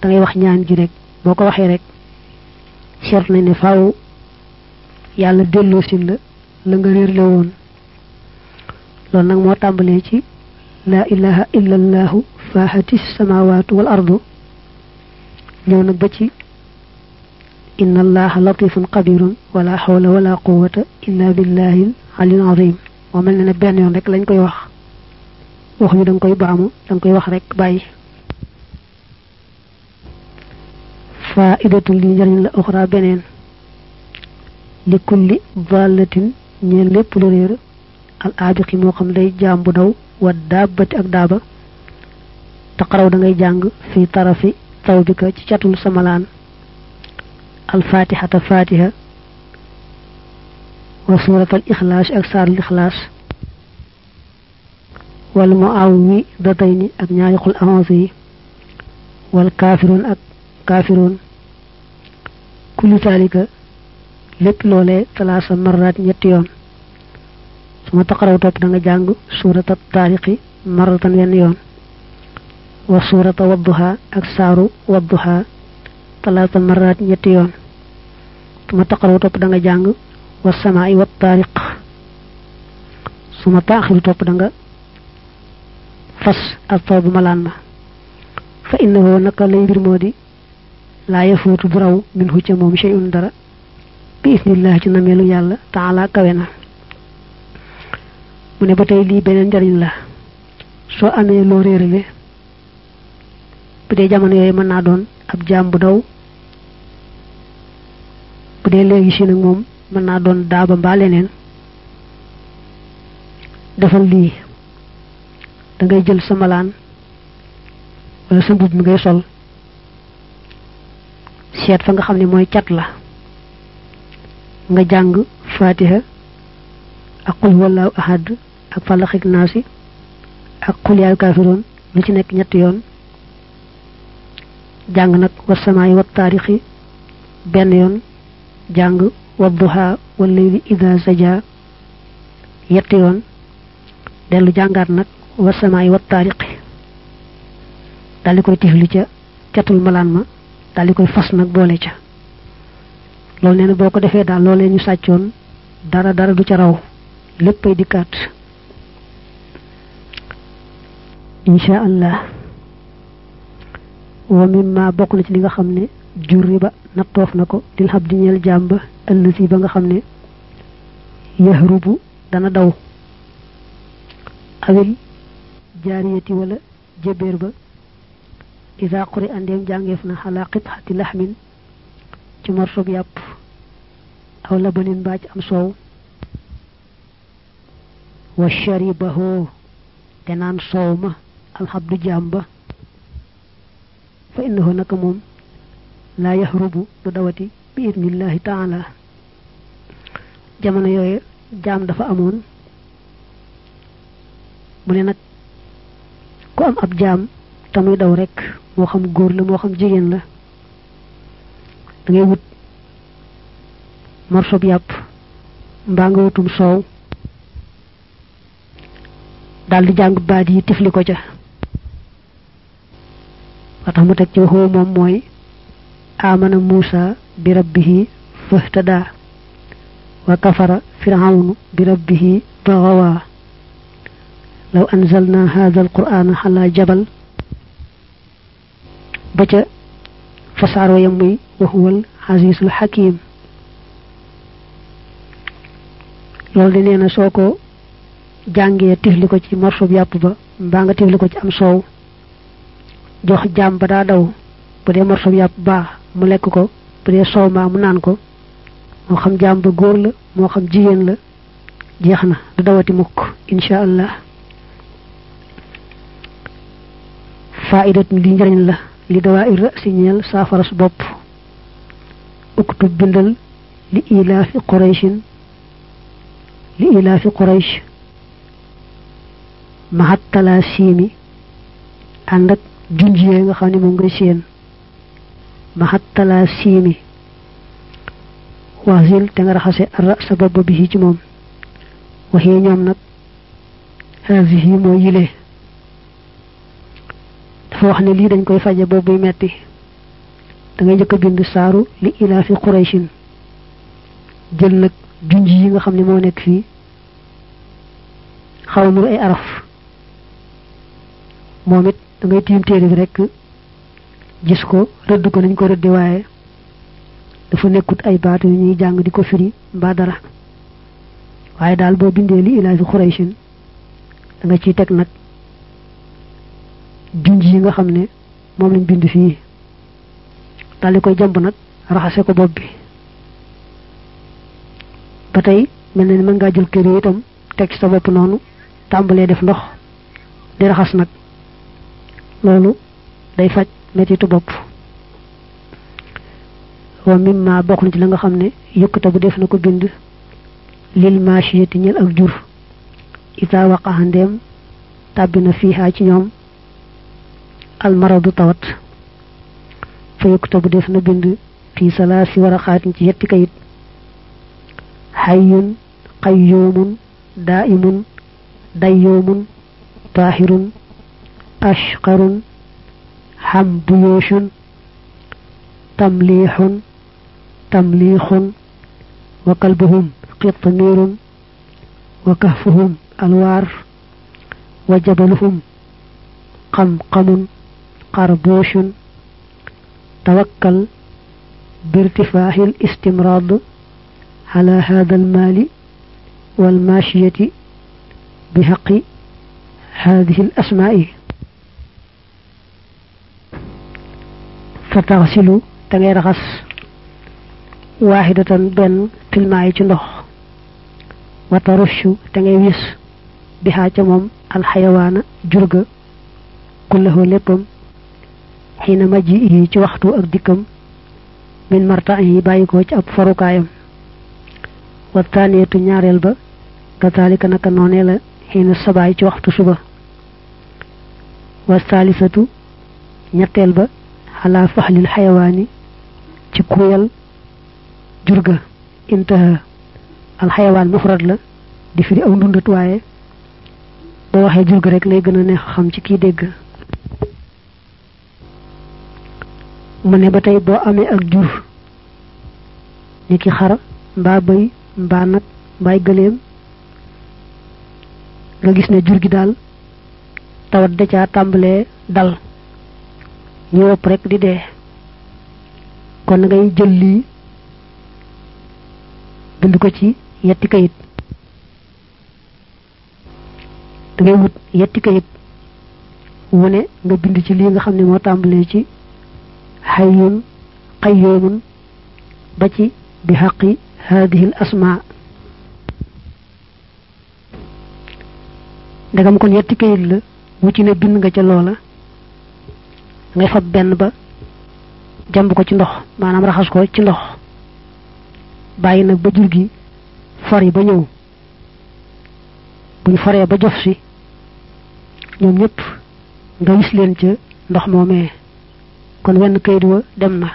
dangay wax ñaan ji rekk boo ko waxee rek seet nañ ne faaw yàlla delloo sim la la nga réer la woon loolu nag moo tàmbalee ci laa ilaha illa allahu faahati wal ardu ñëw nag ba ci inna allaha latifun xabirun wala xawla wala quwata illa billahi alil azim moo mel ne ne benn yoon rek lañ koy wax waxuñu da nga koy baamu da nga koy wax rek bàyyi faidatun li njëriñ la oxra beneen li kulli dalatin ñeen lépp lu réer al aabixi moo xam day jaam bu daw wa daabati ak daaba taqaraw da ngay jàng fii tarafi taw ci catul samalaan alfatihata fatiha wa suratal ixlaas ak saarul ixlaas wal mu aw wi datay ni ak ñaari xul avance yi wal kaafiroon ak kaafiroon kullu taalika lépp loolee talaasa marraat ñetti yoon su ma taqaraw topp da nga jàng suurata taariqi marratan wenn yoon wa suurata wadduha ak saaru wadduha talaasa marraat ñetti yoon suma taqaraw topp da nga jàng wa samaai wa taariq suma taaxiru topp danga nga fas ak taw bu malaan ma fa innahu naka lay mbir moo di laa yafuutu bu raw min hu ca moom shay'un dara bi isnillahi ci nameelu yàlla taala kawe na mu ne ba tey lii beneen njariñ la soo amee loo réerale bu dee jamono yooyu mën naa doon ab jaam bu daw bu dee léegi si nag moom mën naa doon daaba mbaa leneen defal lii dangay jël sa malaan wala sa mbubb mi ngay sol seet fa nga xam ni mooy cat la nga jàng fatiha ak qul wallahu ahad ak falaxik naasi ak qul kaafiroon lu ci nekk ñetti yoon jàng nag wa samaay wa taarixi benn yoon jàng wadduha wallayli ida saja yetti yoon dellu jàngaat nag wasamaay wat taariqi daal di koy tifli ca catul malaan ma daal koy fas nag boole ca loolu nee na boo ko defee daal loolee ñu sàccoon dara dara du ca raw léppay dikkaat incha allah wa mimma bokk na ci li nga xam ne jurri ba nattoof na ko dil xab di ñeel jaam ba ëllësi ba nga xam ne yahrubu dana daw awil jaariyati wala jébéer ba isa quri andeem jàngeef na xalaa qitxati laxmin ci morsob yàpp aw labanin mbaa ci am soow wa sharibahoo te naan soow ma alxabdu jaam ba fa innahu naka moom laa yaxrubu du dawati bi idnillahi taala jamono yooyu jaam dafa amoon mu ne nag ku am ab jaam tamuy daw rekk moo xam góor la moo xam jigéen la da wut morsob yàpp mbaa nga wutum soow daal di jàng baat yi tifli ko ca wa tax mu teg ci waxoo moom mooy amana muusa bi rabbihi fahtada wa kafara firawnu bi rabbihi baxawa law anzalna hadha alqur'ana ala jabal ba ca fasaaro yam muy wa huwal azizul hakim loolu di soo ko jàngee tifli ko ci morsub yàpp ba mbaa nga tifli ko ci am soow jox jaam ba daa daw bu dee morsub yàpp baax mu lekk ko bu dee soow maa mu naan ko moo xam jaam góor la moo xam jigéen la jeex na du dawati mukk incha allah faidat li njëriñ la li dawaa ir si ñeel saafara su bopp uktub bindal li ilaafi qurayshin li ilaafi quraysh mahat talaa siimi ànd nga xam ne moom ngay séen maxattalaa siimi waxsil te nga raxase ara sa bi ci moom waxee ñoom nag haasihi moo yilee dafa wax ne lii dañ koy faje boobuy metti da ngay jëkk a bind saaru li ilaa fi quraychin jël nag junj yi nga xam ne moo nekk fii xaw nuru ay araf moom it da tiim téere bi rekk gis ko rëdd ko nañ ko rëdd waaye dafa nekkut ay baat yu ñuy jàng di ko firi mbaa dara waaye daal boo bindee li ilaafi xuraysin da nga ci teg nag junj yi nga xam ne moom lañ bind fii daal di koy jamb nag raxase ko bopp bi ba tey mel na ni mën ngaa jël kër yi itam teg ci sa bopp noonu tàmbalee def ndox di raxas nag loolu day faj mettitu bopp wa mimma bokk na ci la nga xam ne yukkata bu def na ko bind lil maasiyati ñel ak jur ita waqaxa ndeem tàbbi na fiihaa ci ñoom almaradu tawat fa yukkata bu def na bind fii salaasi war a xaatin ci yetti kayit xayyun qayyoomun daa'imun dayyoomun taahirun ashqarun xam buyooshun tamliixun tamliixun wa kalbuhum qitmiirun wa kahfuhum alwaar wa jabaluhum qamqamun qarbuushun tawakkal birtifaahi listimraad ala hada almaali walmaashiyati bihaqi hadihi alasmaa'i fa taxsilu te ngay raxas waaxidatan benn filmaa ci ndox wa tarushu te ngay bi xaa ca moom alxayawaana jurga kullahoo léppam xiina majji yi ci waxtu ak jikkam min marta yi bàyyi ko ci ab farukaayam wa taaneetu ñaareel ba kataalika naka noonee la xiina sabaay ci waxtu suba wa saalisatu ñetteel ba ala faxlil xayawaani ci kuuyal jurga intaha alxayawaan mufrad la di firi aw ndundat waaye boo waxee jurga rek lay gën a neex xam ci kii dégg mu ne ba tey boo amee ak jur ni ki xar mbaa bëy mbaa nag mbaay gëléem nga gis ne jur gi daal tawat da caa tàmbalee dal ñoo ëpp rek di dee kon na jël lii bind ko ci yetti kayit da wut yetti kayit wu ne nga bind ci lii nga xam ne moo tàmbalee ci xayyun qayyoomun ba ci bi xaqi haadihi l asma ndegam kon yetti kayit la wu ci ne bind nga ca loola ngay fab benn ba jamb ko ci ndox maanaam raxas ko ci ndox bàyyi nag ba jur gi fori ba ñëw buñ foree ba jof si ñoom ñëpp nga wis leen ca ndox moomee kon wenn kayit wa dem na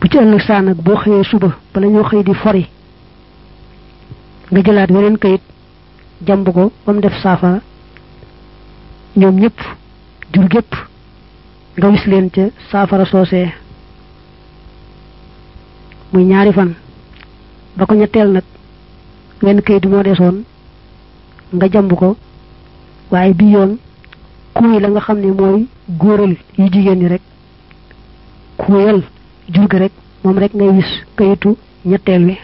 bu ca ëllëg saa nag boo xëyee suba bala ñoo xëy di fori nga jëlaat weneen kayit jamb ko ba def saafara ñoom ñëpp jur gépp nga wis leen ca saafara soosee muy ñaari fan ba ko ñetteel nag wenn kayit moo nga jàmb ko waaye bi yoon kuuy la nga xam ne mooy góoral yu jigéen ñi rek kuuyal jur gi rek moom rek ngay wis kayitu ñetteel wi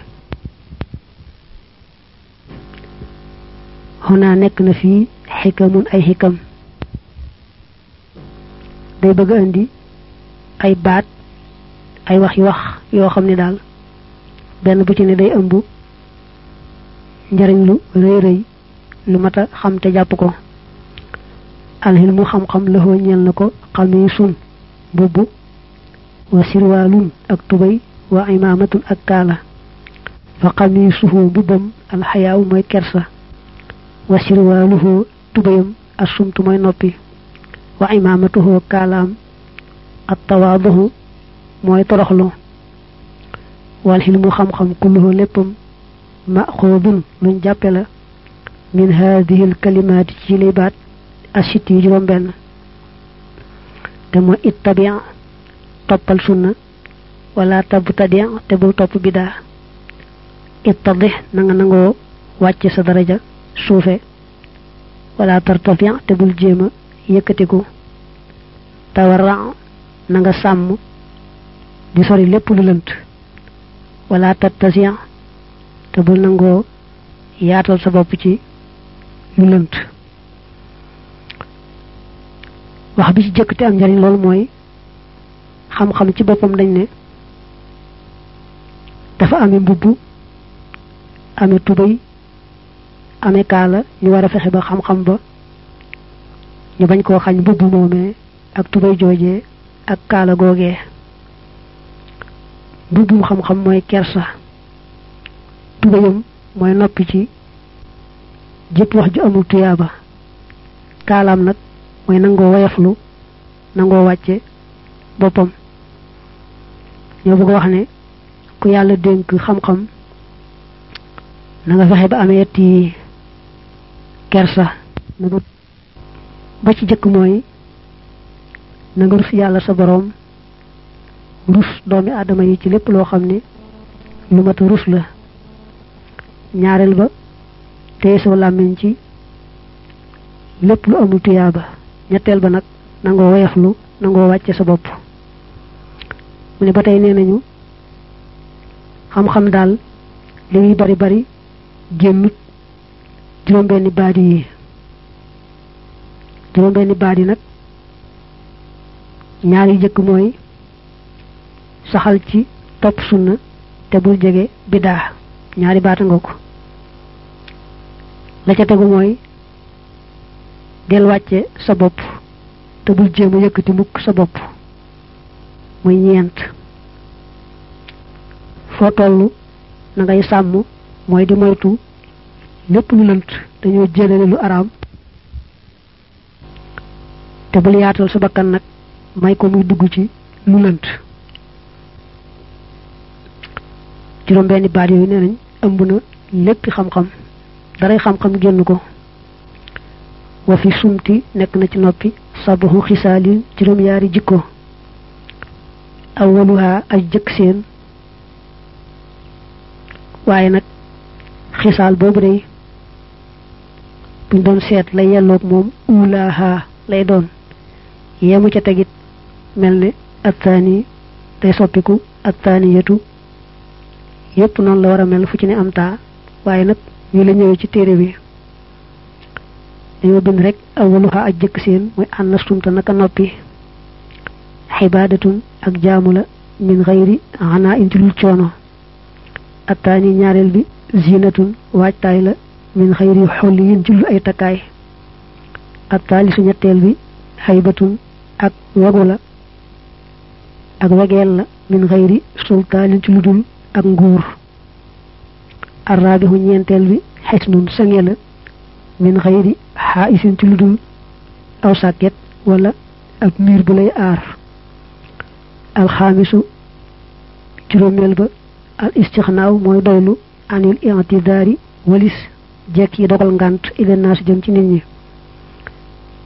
xaw nekk na fii xikamun ay xikam day bëgg a ay baat ay wax yoo xam ne daal benn bu ci ne day ëmb njariñ lu rëy lu mat a xam te jàpp ko alxilmu xam-xam la xoo ñeel na ko xamiisun mbubb wa sirwaalun ak tubéy wa imaamatun ak kaala fa xamiisuhu mbubbam alxayaaw mooy kersa wa sirwaaluhu tubéyam assumtu mooy noppi wa imaamatuhu kaalaam at tawaaduhu mooy toroxlu wal xilmu xam-xam kulluhu léppam maxuudun luñ jàppe la min haadihil kalimaati ci lay asit yi juróom benn te mooy it tabian toppal sunna wala tab tadian te bul topp bidaa it tadix na nga nangoo wàcce sa daraja suufe wala tartafian te bul jéema yëkkatiku tawara na nga sàmm di sori lépp lu lënt wala tattasiyan te bul nangoo yaatal sa bopp ci lu lënt wax bi ci jëkk te am njariñ loolu mooy xam-xam ci boppam dañ ne dafa ame mbubb ame tubéy ame kaala ñu war a fexe ba xam-xam ba ñu bañ koo xañ mbubb moomee ak tubay joojee ak kaala googee mbubbum xam-xam mooy kersa tubayam mooy noppi ci jëpp wax ju amul tuyaaba kaalaam nag mooy nangoo wayaflu nangoo wàcce boppam ñoo bëgg wax ne ku yàlla dénk xam-xam na nga ba amee ti kersa ba ci jëkk mooy na nga rus yàlla sa boroom rus doomi aadama yi ci lépp loo xam ni lu mat rus la ñaareel ba téye sa làmmiñ ci lépp lu amul tuyaaba ñetteel ba nag nangoo lu nangoo wàcce sa bopp mu ne ba tey nee nañu xam-xam daal li muy bari bari génnut juróom-benni baadi yi juróom benni baat yi nag ñaari yu jëkk mooy saxal ci topp sunna te bul jege bidaa ñaari baata nga ko la ca tegu mooy del wàcce sa bopp te bul jéem a yëkkati mukk sa bopp muy ñeent foo toll na sàmm mooy di moytu lépp lu lënt dañoo jëlale lu araam te bul yaatal sa bakkan nag may ko muy dugg ci lu lënt juróom benni baat yooyu nee nañ ëmb na lépp xam-xam daray xam-xam génn ko wa fi sumti nekk na ci noppi sabahu xisaalin juróom-yaari jikko awaluha ay jëkk seen waaye nag xisaal boobu day buñ doon seet la yelloog moom uulaaha lay doon yemu ca tegit mel ne attaani day soppiku attaaniyatu yépp noonu la war a mel fu ci ne am taa waaye nag ñu la ñëwee ci téere bi dañoo bind rek awaluha ak jëkk seen muy ànnastumta naka noppi xibaadatun ak jaamu la min xayri xanaa in ci coono attaani ñaareel bi zinatun waajtaay la min xolli yin ci ay takkaay attaali su ñetteel bi xaybatun ak wegu ak wegeel la min xayri sultaanin ci lu dul ak nguur arraabihu ñeenteel bi xisnun sange la min xayri xaa'isin ci lu aw sàkket wala ab miir bu lay aar alxaamisu juróomeel al istixnaaw mooy doylu anil intidaari walis jekk yi dogal ngànt ila naas jëm ci nit ñi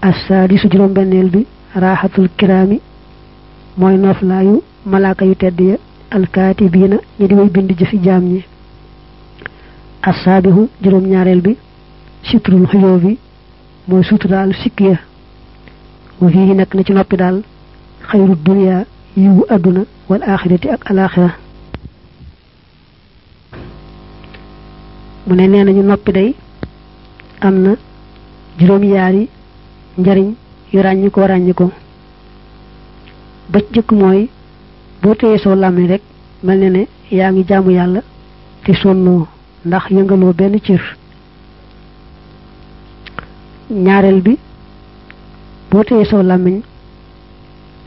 assaadisu juróom benneel bi raaxatul kiraami mooy nooflaayu malaaka yu tedd ya alkaatibiina ñi di way bind jëfi jaam ñi assaabihu juróom-ñaareel bi sitrul xuyoo bi mooy suturaal sikk ya wa fii nag na ci noppi daal xayru duniyaa yiwu àdduna wala aaxirati ak alaaxira mu ne nee nañu noppi day am na juróom-yaari njariñ yu ràññi ko ràññi ba jëkk mooy boo téyee soo làmmiñ rek mel na ne yaa ngi jaamu yàlla te sonnoo ndax yëngaloo benn cër ñaareel bi boo téyee soo làmmiñ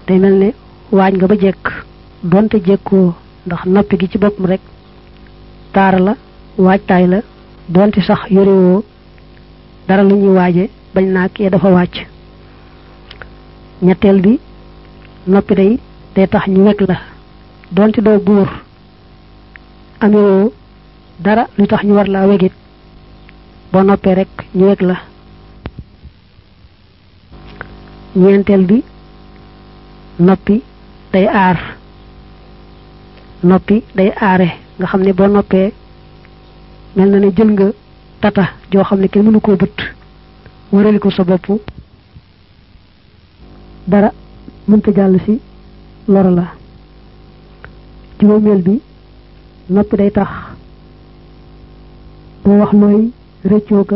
day mel ne waañ nga ba jekk donte jekkoo ndax noppi gi ci boppam rek taara la waajtaay la donte sax yorewoo dara lu ñuy waaje bañ naa kee dafa wàcc ñetteel bi noppi day day tax ñu wekk la doonte doo buur amewoo dara lu tax ñu war laa wegit boo noppee rek ñu wekk la ñeenteel bi noppi day aar noppi day aare nga xam ne boo noppee mel na ne jël nga tata joo xam ne kenn mënu koo bëtt wërali sa bopp dara mënta jàll ci loro la juróomeel bi noppi day tax boo wax looy rëccoo ko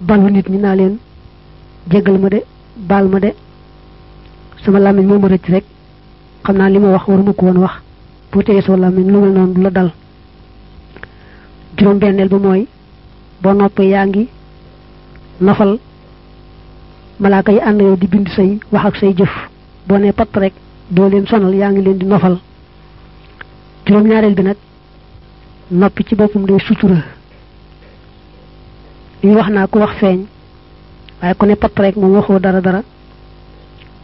balu nit ñi naa leen jéggal ma de baal ma de sama làmmiñ moom ma rëcc rek xam naa li ma wax waruma ko woon wax boo téyee sama làmmiñ lu mel noonu la dal juróom benneel ba mooy boo noppee yaa ngi nafal malaaka yi ànd yow di bind say wax ak say jëf boo ne patt rek doo leen sonal yaa ngi leen di nofal juróom-ñaareel bi nag noppi ci boppam day sutura lii wax naa ku wax feeñ waaye ko ne patt rek moom waxoo dara dara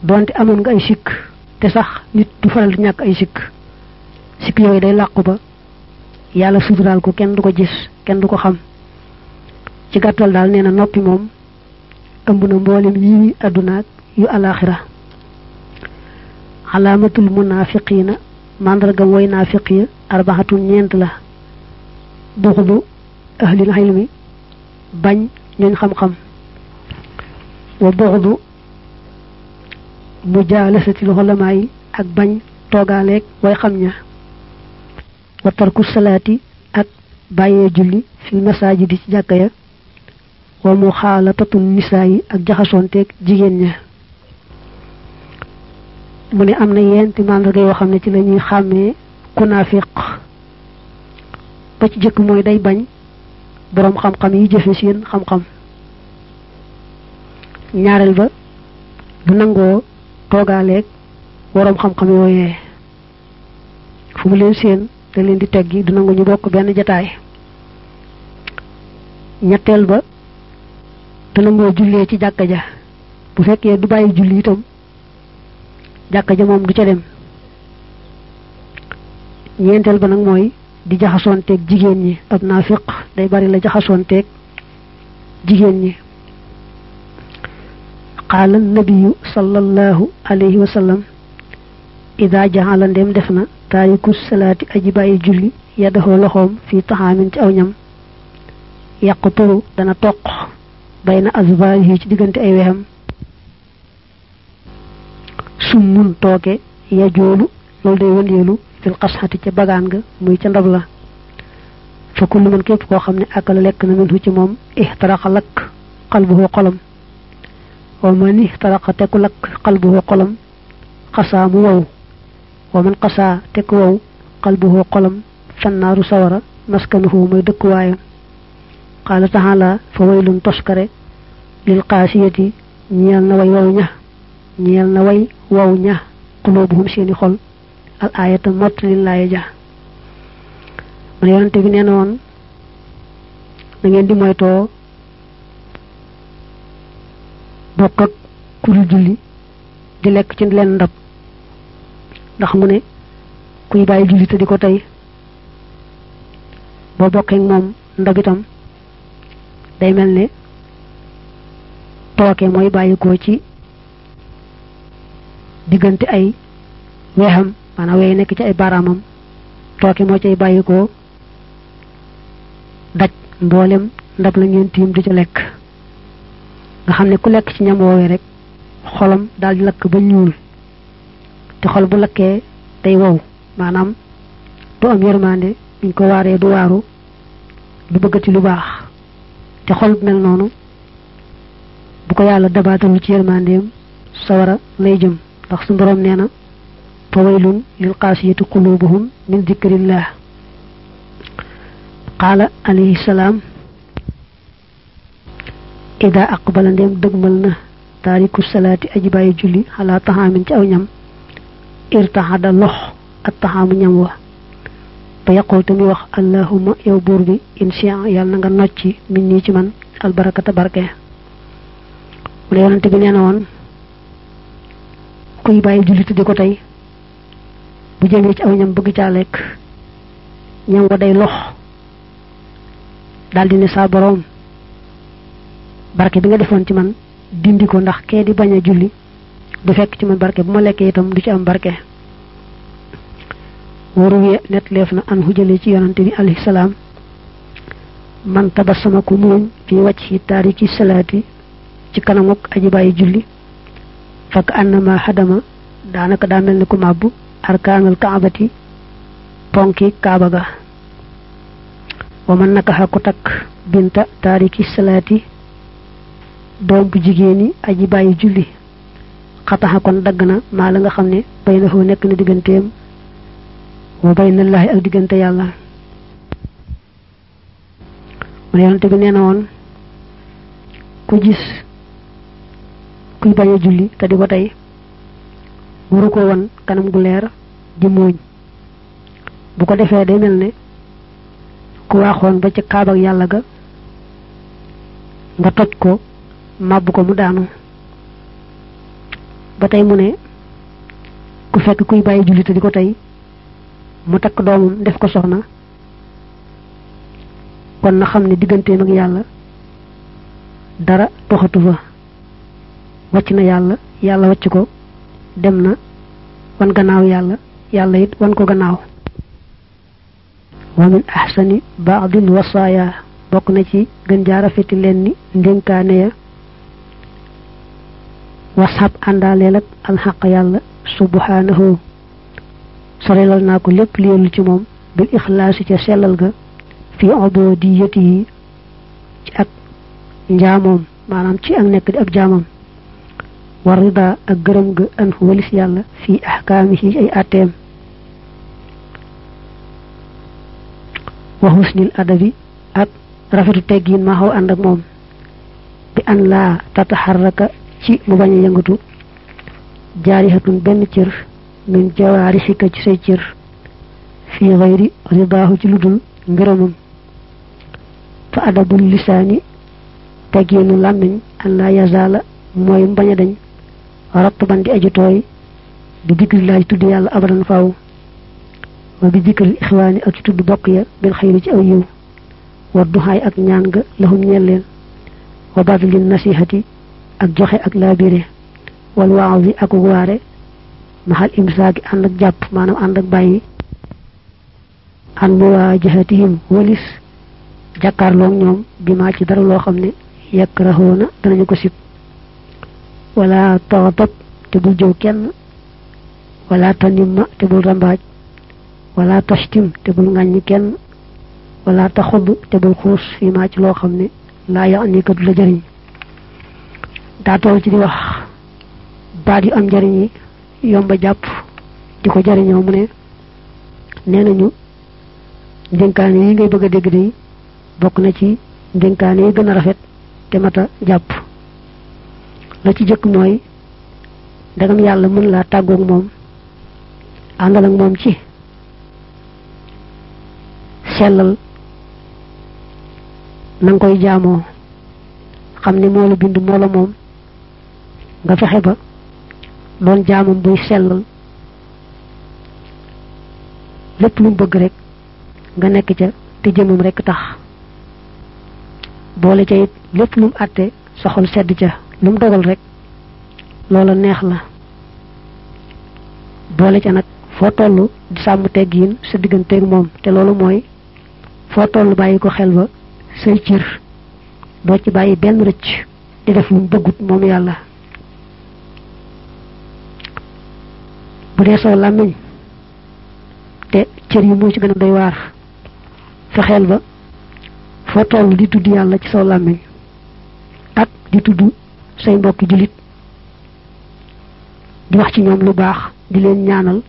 bonte amoon nga ay sikk te sax nit du faral di ñàkk ay sikk sikk yooyu day làqu ba yàlla suturaal ko kenn du ko gis kenn du ko xam ci gàttal daal nee na noppi moom ëmb na mboolem yi àddunaak yu alaaxira alaamatul munaafiqiina na way woy yi arbaxatum ñeent la buxdu ahlil xilmi bañ ñooñ xam-xam wa buxdu mujaalasatil xulamaa yi ak bañ toogaaleeg way xam ña wa tarku salaati ak bàyyee julli fil masaajidi ci jàkka ya wa xaala xaalatatu nisaa yi ak jaxasoonteeg jigéen ña mu ne am na yenti màndarga yoo xam ne ci la ñuy xàmmee kunaafiq ba ci jëkk mooy day bañ boroom xamxam yi jëfe seen xam-xam ñaareel ba du nangoo toogaaleeg boroom xam-xam fu mu leen seen te leen di teggi du nangu ñu bokk benn jataay ñetteel ba te nangoo jullee ci jàkka ja bu fekkee du bàyyi julli itam jàkka ja moom du ca dem ñeenteel ba nag mooy di jaxasoonteeg jigéen ñi ab naafiq day bari la jaxasoonteeg jigéen ñi qaala nabiyu sallallahu alayhi wa sallam ida jaxala ndem def na taariku salaati aji bàyyi julli yaddaxoo loxoom fii taxaamin ci aw ñam yàqu turu dana toq bay na azbaarihi ci diggante ay wexam summun tooge ya joolu loolu day wëndeelu fil xasxati ca bagaan ga muy ca ndab la fa kullu man képp koo xam ne akala lekk na minhu ci moom ixtaraqa lakk xalbuhu xolam wa man ixtaraqa te ku lakk xalbuhu xolam xasaa mu wow wa man xasaa te ku wow xalbuhu xolam fannaaru sawara maskanuhu mooy dëkkuwaayam qaala taala fa waylun toskare lil qaasiyati ñeel na way wow ña ñeel na way wow ña qulubuhum seeni xol al aayata mottali laaya ja man yonent bi nee na ngeen di moytoo bokk ak kuri julli di lekk ci leen ndab ndax mu ne kuy bàyyi julli te di ko tey boo bokkee moom ndab itam day mel ne tooke mooy bàyyikoo ci diggante ay weexam maanaam wey nekk ci ay baaraamam tooke moo cay bàyyikoo daj mboolem ndab la ngeen tiim di ca lekk nga xam ne ku lekk ci ñam woowee rek xolam daal lakk ba ñuul te xol bu lakkee day wow maanaam du am yërmande buñ ko waaree du waaru du bëggati lu baax te xol mel noonu bu ko yàlla dabaatalul ci yërmandeem sawara lay jëm ndax su borom nee na fa waylun lil qaasiyati qulubuhum min dikrillah qaala alayhi salaam ida dëgmal na taariku salaati aji bàyyi julli xalaa taxaamin ci aw ñam irtaxada lox ak taxaamu ñam wa fa yaqul te muy wax allahumma yow buur bi insha yàlla na nga nocci min nii ci man albarakata barke mu ne yonante bi nee na woon kuy bàyyi jullit di ko tey bu jëmee ci aw ñam bëgg caa lekk ñam wa day lox daldi ne saa boroom barke bi nga defoon ci man dindi ko ndax kee di bañ a julli du fekk ci man barke bu ma lekkee itam du ci am barke waruwee nettaleef na an hujjale ci yonante bi alayhi salaam man sama ku muuñ fi wàcc yi taariki salaati ci kanamuk aji bàyyi julli fakk annama hadama daanaka daa mel ni ku màbbu arkaanul kaabati ponki kaaba ga wa man naka xa ku takk binta taariki salaati doom bu jigéeni aji bàyyi julli xataxa kon dagg na maa la nga xam ne bay na foo nekk na digganteem wa baynallaahi ak diggante yàlla man yonante bi nee na woon ku gis kuy bañ julli te di ko tey waru ko won kanam gu leer di muuñ bu ko defee day mel ne ku waaxoon ba ci kaabak yàlla ga nga toj ko màbb ko mu daanu ba tey mu ne ku fekk kuy bàyyi julli te di ko tey mu takk doomam def ko soxna kon na xam ne digganteem ak yàlla dara toxatu fa wàcc na yàlla yàlla wàcc ko dem na wan gannaaw yàlla yàlla it wan ko gannaaw wa min ahsani baadil wasaaya bokk na ci gën jaa rafeti leen ni ndénkaane ya wasab àndaaleel ak alxaq yàlla subhanahu sorelal naa ko lépp li yellu ci moom bil ixlaasi ca sellal ga fii ubudiyyati yi ci ak njaamoom maanaam ci ak nekk di ab jaamam war rida ak gërëm ga an walis yàlla fii ahkaamihi ay atteem wa husnil adabi ak rafetu teggiin maa xaw ànd ak moom bi an laa tataxarraka ci mu bañ a yëngatu jaarihatun benn cër min jawaarixika ci say cër fii xayri ridaahu ci lu dul ngërëmam fa adabul lisaani teggeenu làmmiñ allah yazaala mooy mbañ a dañ aju tooy bi dikkri laaj tudd yàlla abadan faaw wa bi dikkri ixwaani ak tudd bokk ya bil xayri ci aw yiw wa duxaay ak ñaan nga lahum ñeel leen wa badlin nasihati ak joxe ak laabire wal waazi ak waare maxal imsaaki ànd ak jàpp maanaam ànd ak bàyyi an muwaajahatihim walis jàkkaarloog ñoom bi maa ci dara loo xam ne yakrahuuna danañu ko sib wala taxatab te bul jëw kenn wala tanimma te bul rambaaj wala tashtim te bul ŋàññi kenn wala te bul xuus fi maa ci loo xam ne laa ya'nika du la jëriñ daa ci di baat yu am njëriñ yi yomba jàpp di ko jariñoo mu ne nee nañu dénkaane yi ngay bëgg a dégg day bokk na ci dénkaane yi gën a rafet te mata jàpp la ci jëkk mooy dagam yàlla mën laa tàggoog moom àndal ak moom ci sellal na nga koy jaamoo xam ne moo la bind moom nga fexe ba doon jaamam buy sellal lépp lu bëgg rekk nga nekk ca te jëmam rekk tax boole ca it lépp lu mu àtte soxol sedd ca lu mu dogal rek loola neex la boole ca nag foo toll di sàmm teggiin sa digganteeg moom te loolu mooy foo toll bàyyi ko xel ba say cër doo ci bàyyi benn rëcc di def lu bëggut moom yàlla bu dee saw làmmiñ te cër yi moo ci gën a doy waar fexeel ba foo toll di tudd yàlla ci saw làmmiñ ak di tudd say mbokki jullit di wax ci ñoom lu baax di leen ñaanal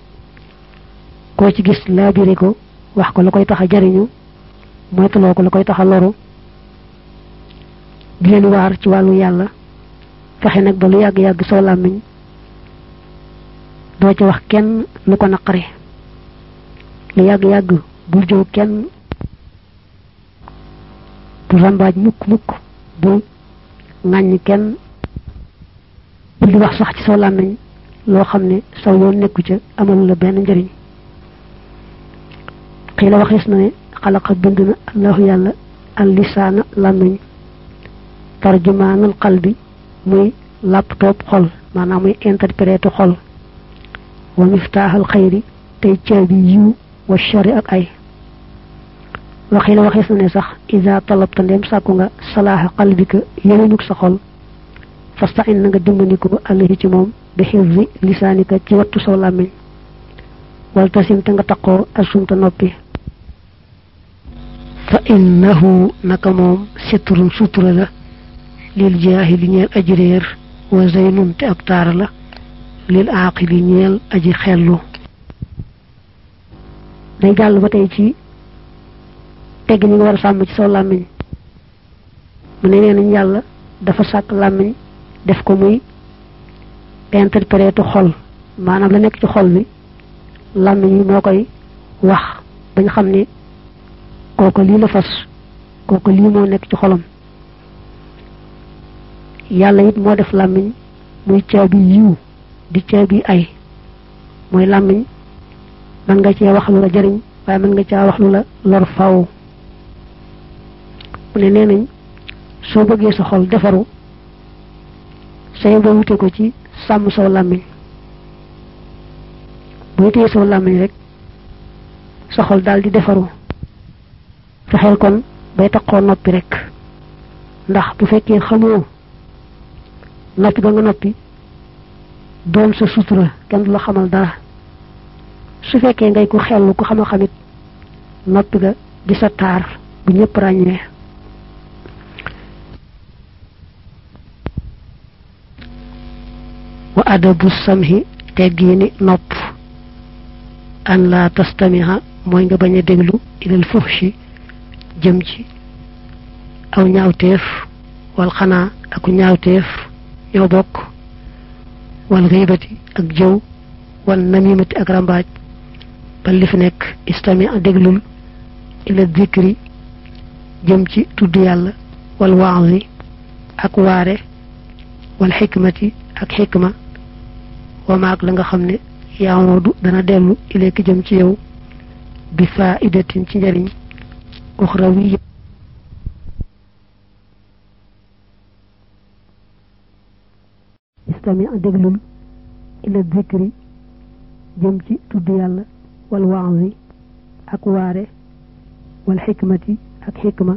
koo ci gis laabire ko wax ko la koy tax a jariñu moytuloo ko la koy tax a loru di leen waar ci wàllu yàlla fexe nag ba lu yàgg-yàgg saw làmmiñ doo ci wax kenn lu ko naqare lu yàgg-yàgg bul jëw kenn bu rambaaj mukk-mukk bu ŋàññ kenn bul di wax sax ci saw làmmiñ loo xam ne saw yoon nekku ca amalu la benn njariñ xii la waxees na ne xalaqa bind na allahu yàlla al lisaana làmmiñ tarjumaanal xal bi muy làpp xol maanaam muy interprété xol wa miftaaxal xayri tey caabi yiw wa shari ak ay waxi la waxees na ne sax isa talabta ndem sàkku nga salaaxa qalbika yëwénug sa xol fastain na nga dimbanikoo àllahi ci moom bi xifzi lisaanika ci wattu saw làmmiñ wal tasim te nga taqoo asumta noppi fa innahu naka moom sitrun sutura la lil jaahi li ñeel aji wa zeynun ab taar la lil aaqili ñeel aji xellu dañ jàll ba tey ci tegg ñu nga war sàmm ci saw làmmiñ mu ne nee nañ yàlla dafa sàkk làmmiñ def ko muy interpréter xol maanaam la nekk ci xol bi làmmiñ yi moo koy wax bañ xam ne kooku lii la fas kooku lii moo nekk ci xolam yàlla it moo def làmmiñ muy caabi yiw di caabi ay mooy làmmiñ mën nga cee wax lu la jariñ waaye mën nga caa wax lu la lor faw mu ne nee nañ soo bëggee sa xol defaru say ba wute ko ci sàmm saw làmmiñ boo téye saw làmmiñ rek sa xol daal di defaru fexeel kon bay taxoo noppi rek ndax bu fekkee xamoo noppi ba nga noppi doon sa sutura kenn du la xamal dara su fekkee ngay ku xellu ku xama xamit noppi ga di sa taar bu ñëpp ràññee wa adabu samhi teggiini nopp an la tastamiha mooy nga bañ a déglu ilal fuhshi jëm ci aw ñaawteef wal xanaa aku ñaawteef ñoo bokk wal xiibati ak jëw wal namimati ak rambaaj ba li fi nekk istami déglul ila zikri jëm ci tudd yàlla wal waazi ak waare wal xikmati ak xikma wa maag la nga xam ne yaamoodu dana dellu ilayki jëm ci yow bi faidatin ci njariñ uxrawi fastami déglul ila zikri jëm ci tudd yàlla wal waazi ak waare wal xikmati ak xikma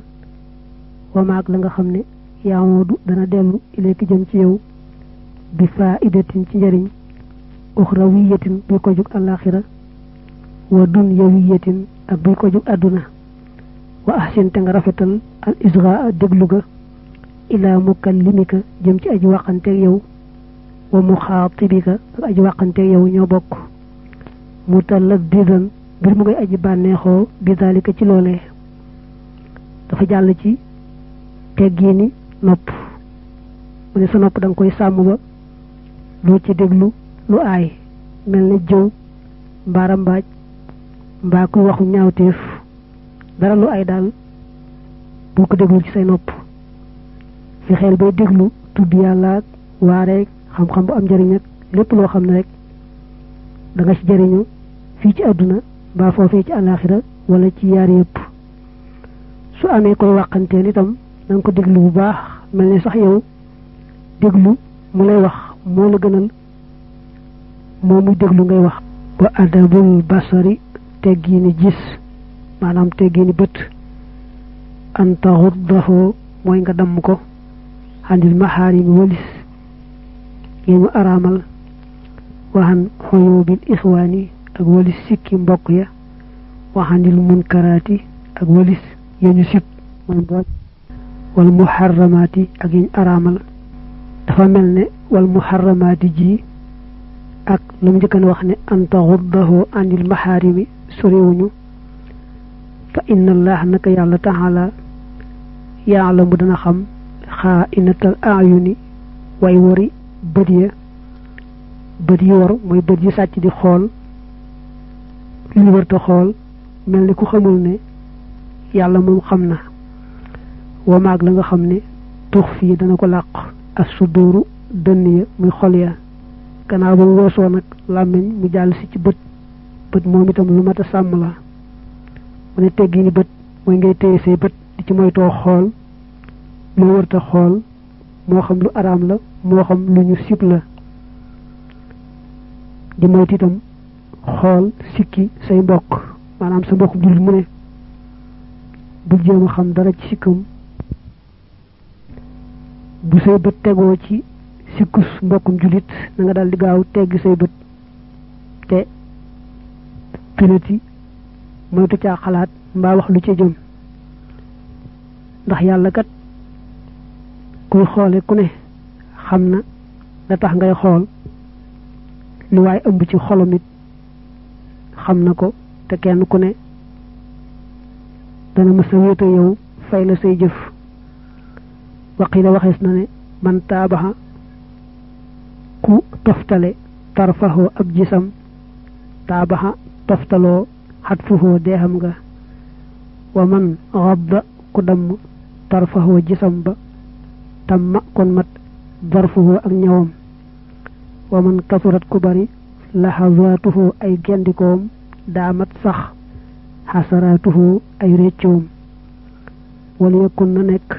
wamaag la nga xam ne yaamoodu dana dellu ilayki jëm ci yow bi faidatin ci njëriñ uxrawiyatin buy ko jug àllaaxira wa dunyawiyatin ak buy ko jug àdduna wa ahsin nga rafetal al israa déglu ga ilaa mukallimika jëm ci aj waxanteeg yow wa muxaatibika ak aji wàqante yow ñoo bokk mutalazizan mbir mu ngay aji bànneexoo bi zalika ci loolee dafa jàll ci teggiini nopp mu ne sa nopp da koy sàmm ba loo ci déglu lu aay mel na jëw mbaara mbaaj mbaa kuy waxu ñaawteef dara lu ay daal bul ko déglu ci say nopp fexeel bay déglu tudd yàlla ak waareeg xam-xam bu am njëriñ ak lépp loo xam ne rek da ci jëriñu fii ci àdduna mbaa foofee ci àllaaxira wala ci yaar yëpp su amee koy wàqanteel itam na ko déglu bu baax mel ni sax yow déglu mu lay wax moo la gënal moo déglu ngay wax ba adabul basari teggi ni gis maanaam teggi ni bët antaxut dafoo mooy nga damm ko xandil maxaari mi walis yi mu araamal waxan xoyoobil ixwaani ak walis sikki mbokk ya waxanil munkaraati ak walis yañu sib mooy mbooj wal muharramaati ak yañ araamal dafa mel ne wal muharramaati ji ak lu mu njëkkan wax ne an taxuddahu anil maxaarimi soriwuñu fa inna allah naka yàlla taxala yaalamu dana xam xaa inatal ayuni way wari bët ya bët yi waru mooy bët yi sàcc di xool lu ñu xool mel ni ku xamul ne yàlla moom xam na wa maag la nga xam ne tux fii dana ko làq as suduru dënn ya muy xol ya gannaaw ba mu nag làmmiñ mu jàll si ci bët bët moom itam lu mat a sàmm la mu ne teggi ni bët mooy ngay téye say bët di ci moytoo xool loo warta xool moo xam lu araam la moo xam lu ñu sib la di moytu itam xool sikki say mbokk maanaam sa mbokk jullit mu ne bul jéem xam dara ci sikkam bu say bët tegoo ci sikkus mbokkum jullit na nga daal di gaaw teggi say bët te pinati moytu caa xalaat mbaa wax lu ca jëm ndax yàlla kat kuy xoole ku ne xam na la tax ngay xool lu waay ëmb ci xolom it xam na ko te kenn ku ne dana mës a wéete yow fay la say jëf waqiila waxees na ne man taabaxa ku toftale tarfaxoo ab jisam taabaxa toftaloo xatfuhoo deexam nga wa man xabda ku damm tarfaxoo jisam ba tamma kon mat barfuhu ak ñawam wa man kasurat ku bari laxazaatuhu ay gendikoom daa mat sax xasaraatuhu ay réccoom wala yakun na nekk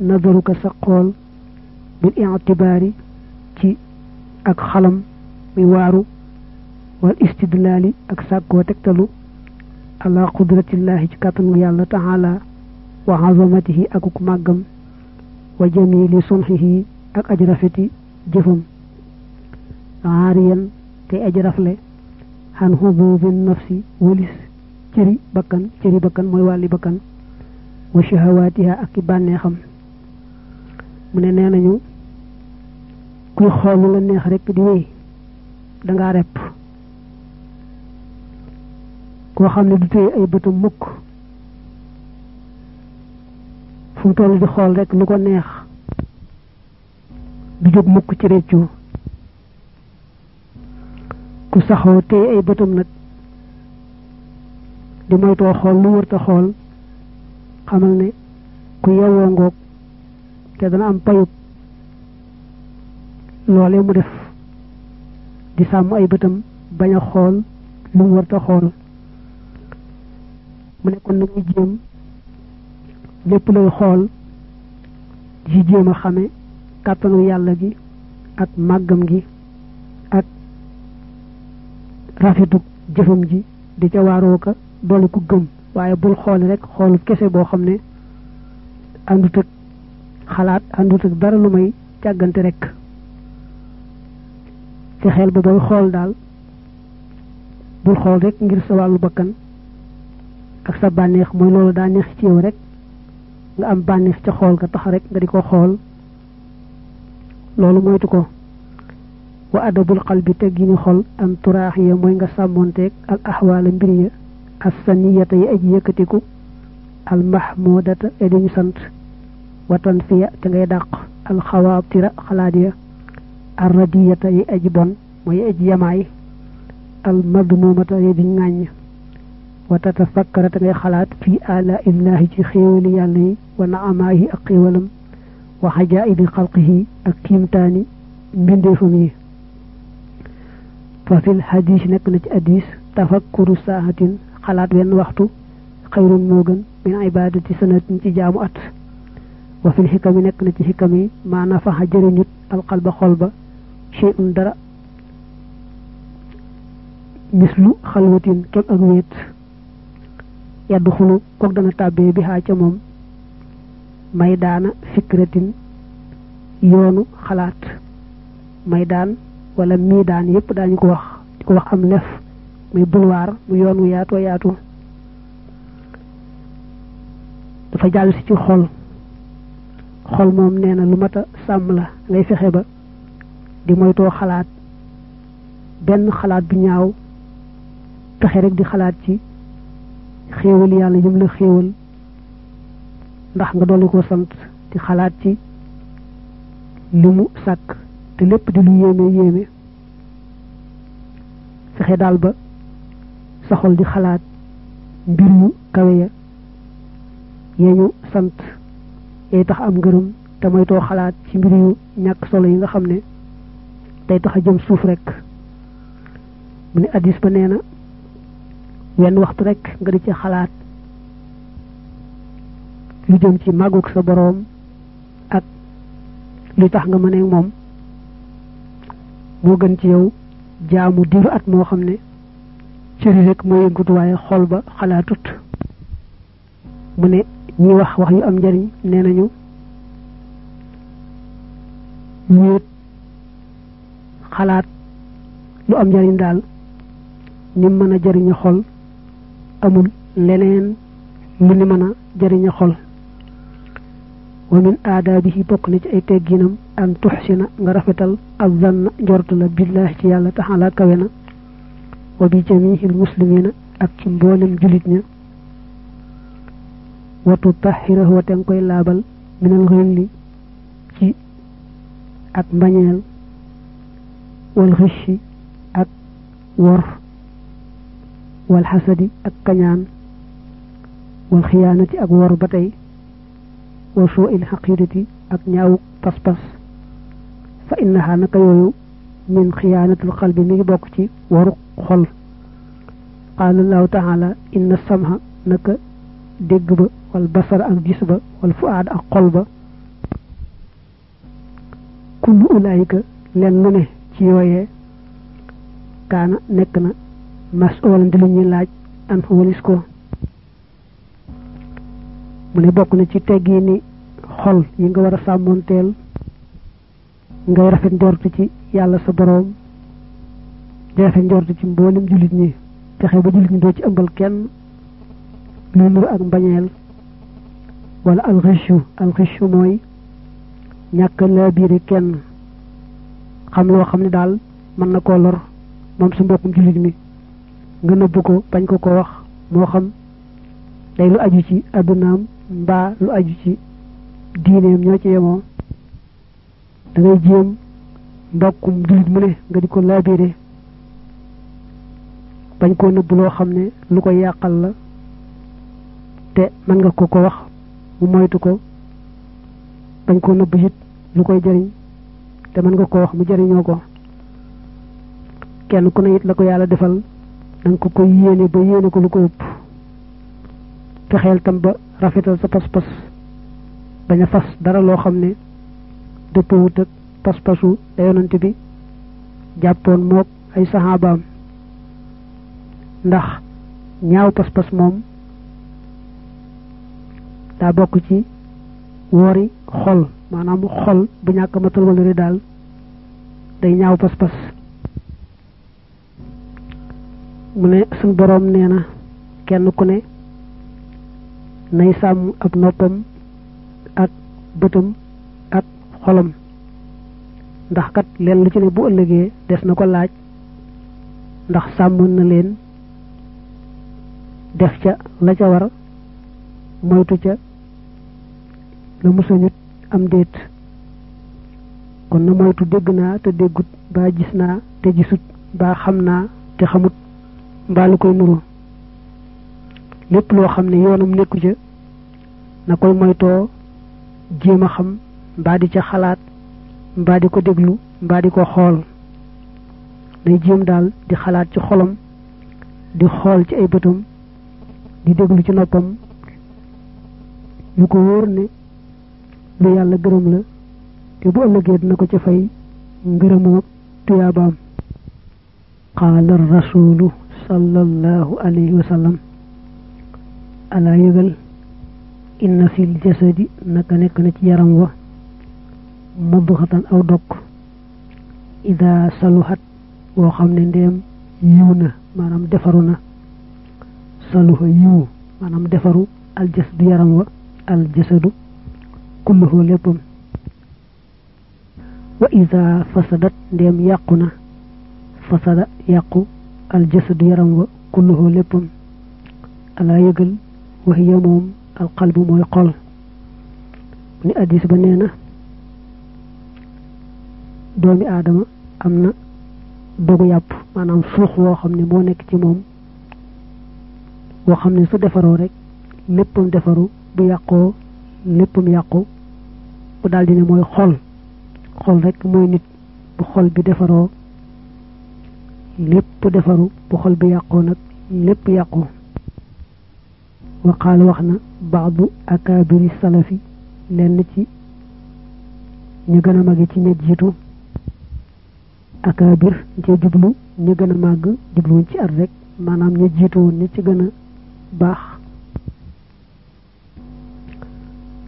nazaruka sa xool bil itibaari ci ak xalam mi waaru wal istidlaali ak sàkkoo tegtalu ala qudratillaahi ci kàttanu yàlla taala wa azamatihi akuk màggam wa jamili sulxihi ak aj rafeti jëfam aariyan te aj rafle xan xububi nafsi wëlis cëri bakkan cëri bakkan mooy wàlli bakkan wa shahawaatiha ak i bànneexam mu ne nee nañu kuy xool la neex rek di wéy dangaa repp koo xam ne du téye ay bëtam mukk fu mu toll di xool rekk lu ko neex du jóg mukk ci réccu ku saxoo téye ay bëtam nag di moytoo xool lu wërta xool xamal ni ku yewwoo ngoog te dana am payub loolee mu def di sàmm ay bëtam baña xool lu mu wërta xool mu nekkoon nañu jéem lépp lay xool ci a xame kàttanu yàlla gi ak màggam gi ak rafetu jëfam ji di ca waaroo ka ku gëm waaye bul xool rek xoolu kese boo xam ne àndut ak xalaat àndut ak dara lu may càggante rekk ci xel ba booy xool daal bul xool rek ngir sa wàllu bakkan ak sa bànneex mooy loolu daa neex ci yow rek nga am bànneex ca xool nga tax rek nga di ko xool loolu moytu ko wa adabul qalbi te gi ni xol an turaax ya mooy nga sàmmonteeg al axwaala mbir ya as saniyata yi aji yëkkatiku al mahmudata e sant watan fiya te ngay dàq al xawaatira xalaat ya al radiyata yi aji bon mooy aji yamaay al madmumata yi di ŋàññ wa tatafakkara te ngay xalaat fii alaaillahi ci xéewali yàlla yi wa naamaahi ak xéewalam wa xajaa'ibi xalqihi ak kiimtaani mbindeefam yi fa fil hadis nekk na ci hadis tafakkuru saahatin xalaat wenn waxtu xayrun moo gën min ibadati sanatin ci jaamu at wa fil xikam yi nekk na ci xikam yi maana faxa jëriñut alqalba xol ba shay'un dara mislu xalwatin kem ak wéet yadd xulu kook dana tàbbee bi xaa ca moom may daana fikratin yoonu xalaat may daan wala mii daan yépp daañu ko wax di ko wax am lef muy bulwaar mu yoon wu yaatoo yaatu dafa jàll si ci xol xol moom nee na lu mat a sàmm la ngay fexe ba di moytoo xalaat benn xalaat bu ñaaw fexe rek di xalaat ci xéewal yàlla yëm la xéewal ndax nga dolli ko sant di xalaat ci li mu sàkk te lépp di lu yéeme yéeme fexe daal ba sa di xalaat mbir yu kawe ya yee ñu sant yay tax am ngërëm te moytoo xalaat ci mbir yu ñàkk solo yi nga xam ne day tax a jëm suuf rekk mu ne addis ba nee na wenn waxtu rekk nga di ci xalaat lu jëm ci màggug sa boroom ak lu tax nga mën a moom moo gën ci yow jaamu diiru at moo xam ne cëri rek moo yëngatu waaye xol ba xalaatut mu ne ñi wax wax yu am njariñ nee nañu ñéet xalaat lu am njariñ daal ni mën a jariñu xool amul leneen lu ni mën a xol wa min bi bokk na ci ay tegginam an tuxsina nga rafetal ab azanna njortu la billaahi ci yàlla taxalaa kawe na wa bi jamihil muslimina ak ci mboolem julit ña wa tutahirahu wa te koy laabal minal xëlli ci ak mbañeel wal xishi ak wor wal xasadi ak kañaan wal xiyaanati ak wor ba tey wa soo il xaqiidati ak ñaawu pas-pas fa innaha naka yooyu min xiyaanatul xalbi mi ngi bokk ci waru xol qaala allahu taala inna samha naka dégg ba wal basara ak gis ba wal fuaad ak xol ba kullu ulaayika leen lu ne ci yooyee kaana nekk na masolan di lu laaj an fa walis ko mu ne bokk na ci teggi ni xol yi nga war a sàmmonteel ngay rafet njort ci yàlla sa boroom di rafet njort ci mboolem jullit ñi fexe ba jullit ñi doo ci ëmbal kenn luy nuru ak mbañeel wala alxichu alxichu mooy ñàkk laa biire kenn xam loo xam ne daal mën na koo lor moom sa mbokkum jullit mi nga nëbb ko bañ ko ko wax moo xam day lu aju ci addunaam mbaa lu aju ci diineem ñoo ci yemoo da ngay mbokkum jullit mu ne nga di ko laabiire bañ koo nëbb loo xam ne lu koy yàqal la te mën nga ko ko wax mu moytu ko bañ koo nëbb it lu koy jëriñ te mën nga ko wax mu jëriñoo ko kenn ku ne it la ko yàlla defal danga ko koy yéene ba yéene ko lu ko ëpp fexeel tam ba rafetal sa pas-pas bañ fas dara loo xam ne dëppawut ak pas-pasu da bi jàppoon mook ay saxaabaam ndax ñaaw pas-pas moom daa bokk ci woori xol maanaam xol bu ñàkk matal wala daal day ñaaw pas-pas mu ne suñ boroom nee na kenn ku ne nay sàmm ab noppam ak bëtam ak xolam ndax kat leen lu ci ne bu ëllëgee des na ko laaj ndax sàmm na leen def ca la ca war moytu ca la musañut am déet kon na moytu dégg naa te déggut baa gis naa te gisut baa xam naa te xamut mbaa lu koy nuru lépp loo xam ne yoonam nekku ca na koy moytoo jéem a xam mbaa di ca xalaat mbaa di ko déglu mbaa di ko xool day jéem daal di xalaat ci xolam di xool ci ay bëtam di déglu ci noppam yu ko wóor ne lu yàlla gërëm la te bu ëllëgee dina ko ca fay ngërëmoo tuyaabaam qaala rasulu sallallahu alayhi wa sallam alaa yëgal inna nekk na ci yaram wa mudghatan aw dog ida saluhat woo xam ne ndeem maanaam defaru na saluha maanaam defaru aljasadu yaram wa aljasadu kulluhu léppam wa fasadat ndeem yàqu na fasada yàqu aljasadu yaram wa kulluhu léppam alaa yëgal waxiya moom alqalbu mooy xol ni addis ba nee na doomi aadama am na dogu yàpp maanaam suux woo xam ne moo nekk ci moom woo xam ne su defaroo rek léppam defaru bu yàqoo léppam yàqu bu daldi ne mooy xol xol rek mooy nit bu xol bi defaroo lépp defaru bu xol bi yàqoo nag lépp yàqu waqaal wax na baadu akaabiri salafi lenn ci ñu gën a magi ci ña jiitu akaabir ci jublu ñu gën a màgg jubluwuñ ci at rek maanaam ña jiitu woon ci gëna a baax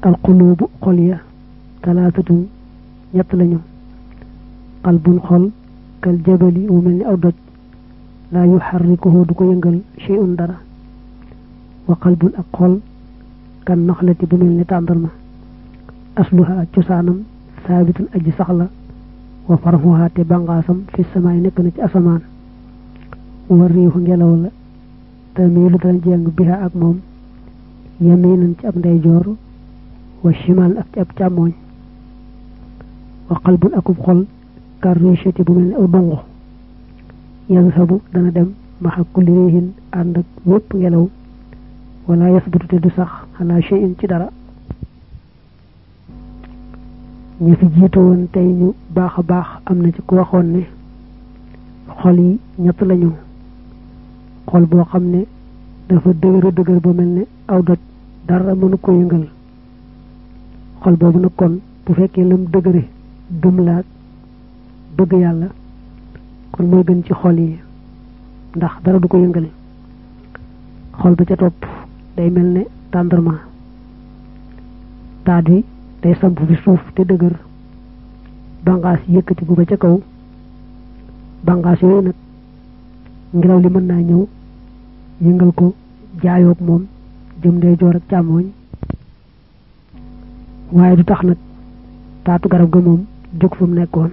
alquluubu xol ya talaatatun ñett lañu qalbun xol kal jabali wu mel ni aw doj laa yuxarrikuhu du ko yëngal shay'un dara wa qalbun ak xol kan naxlati bu mel ni tàndarma asluha cosaanam saabitun aji saxla wa farxuha te bangaasam fi samaay nekk na ci asamaan wa riixu ngelaw la tamiilu dana jeng biha ak moom yaminan ci ab ndeyjoor wa shimal ak ci ab càmmooñ wa qalbun akub xol kar rushati bu mel ni aw yansabu dana dem maxa kulli rihin ànd ak wépp ngelaw wala yasbutu te du sax xanaa shay'in ci dara ñu fi jiitu woon tey ñu baax a baax am na ci ku waxoon ne xol yi ñett lañu xol boo xam ne dafa dëgër dëgër ba mel ne awdot dara mënu ko yëngal xol boobu nag kon bu fekkee lam dëgëre gëm laa bëgg yàlla kon moo gën ci xol yi ndax dara du ko yëngal xool ba ca topp day mel ne tendrement taat wi day samp bi suuf te dëgër bangaas yëkkati bu ba ca kaw bangaas yooyu nag ngelaw li mën naa ñëw yëngal ko jaayoog moom jëm day joor ak càmmooñ waaye du tax nag taatu garab ga moom jóg fa mu nekkoon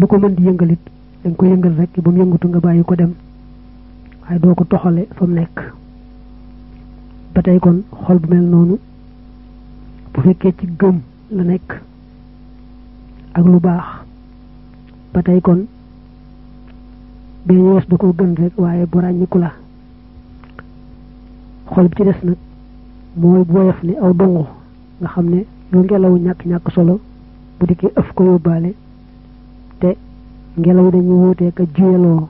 bu ko mën di yëngalit dañ ko yëngal rek ba mu yëngatu nga bàyyi ko dem waaye doo ko toxale fa mu nekk ba kon xol bu mel noonu bu fekkee ci gëm la nekk ak lu baax ba kon bee wees da koo gën rek waaye bu ràññiku la xol bi ci des nag mooy booyof ni aw dongo nga xam ne lu ngelawu ñàkk ñàkk solo bu dikkee ëf ko yóbbaale te ngelaw yi dañuy wuutee ka juyeloo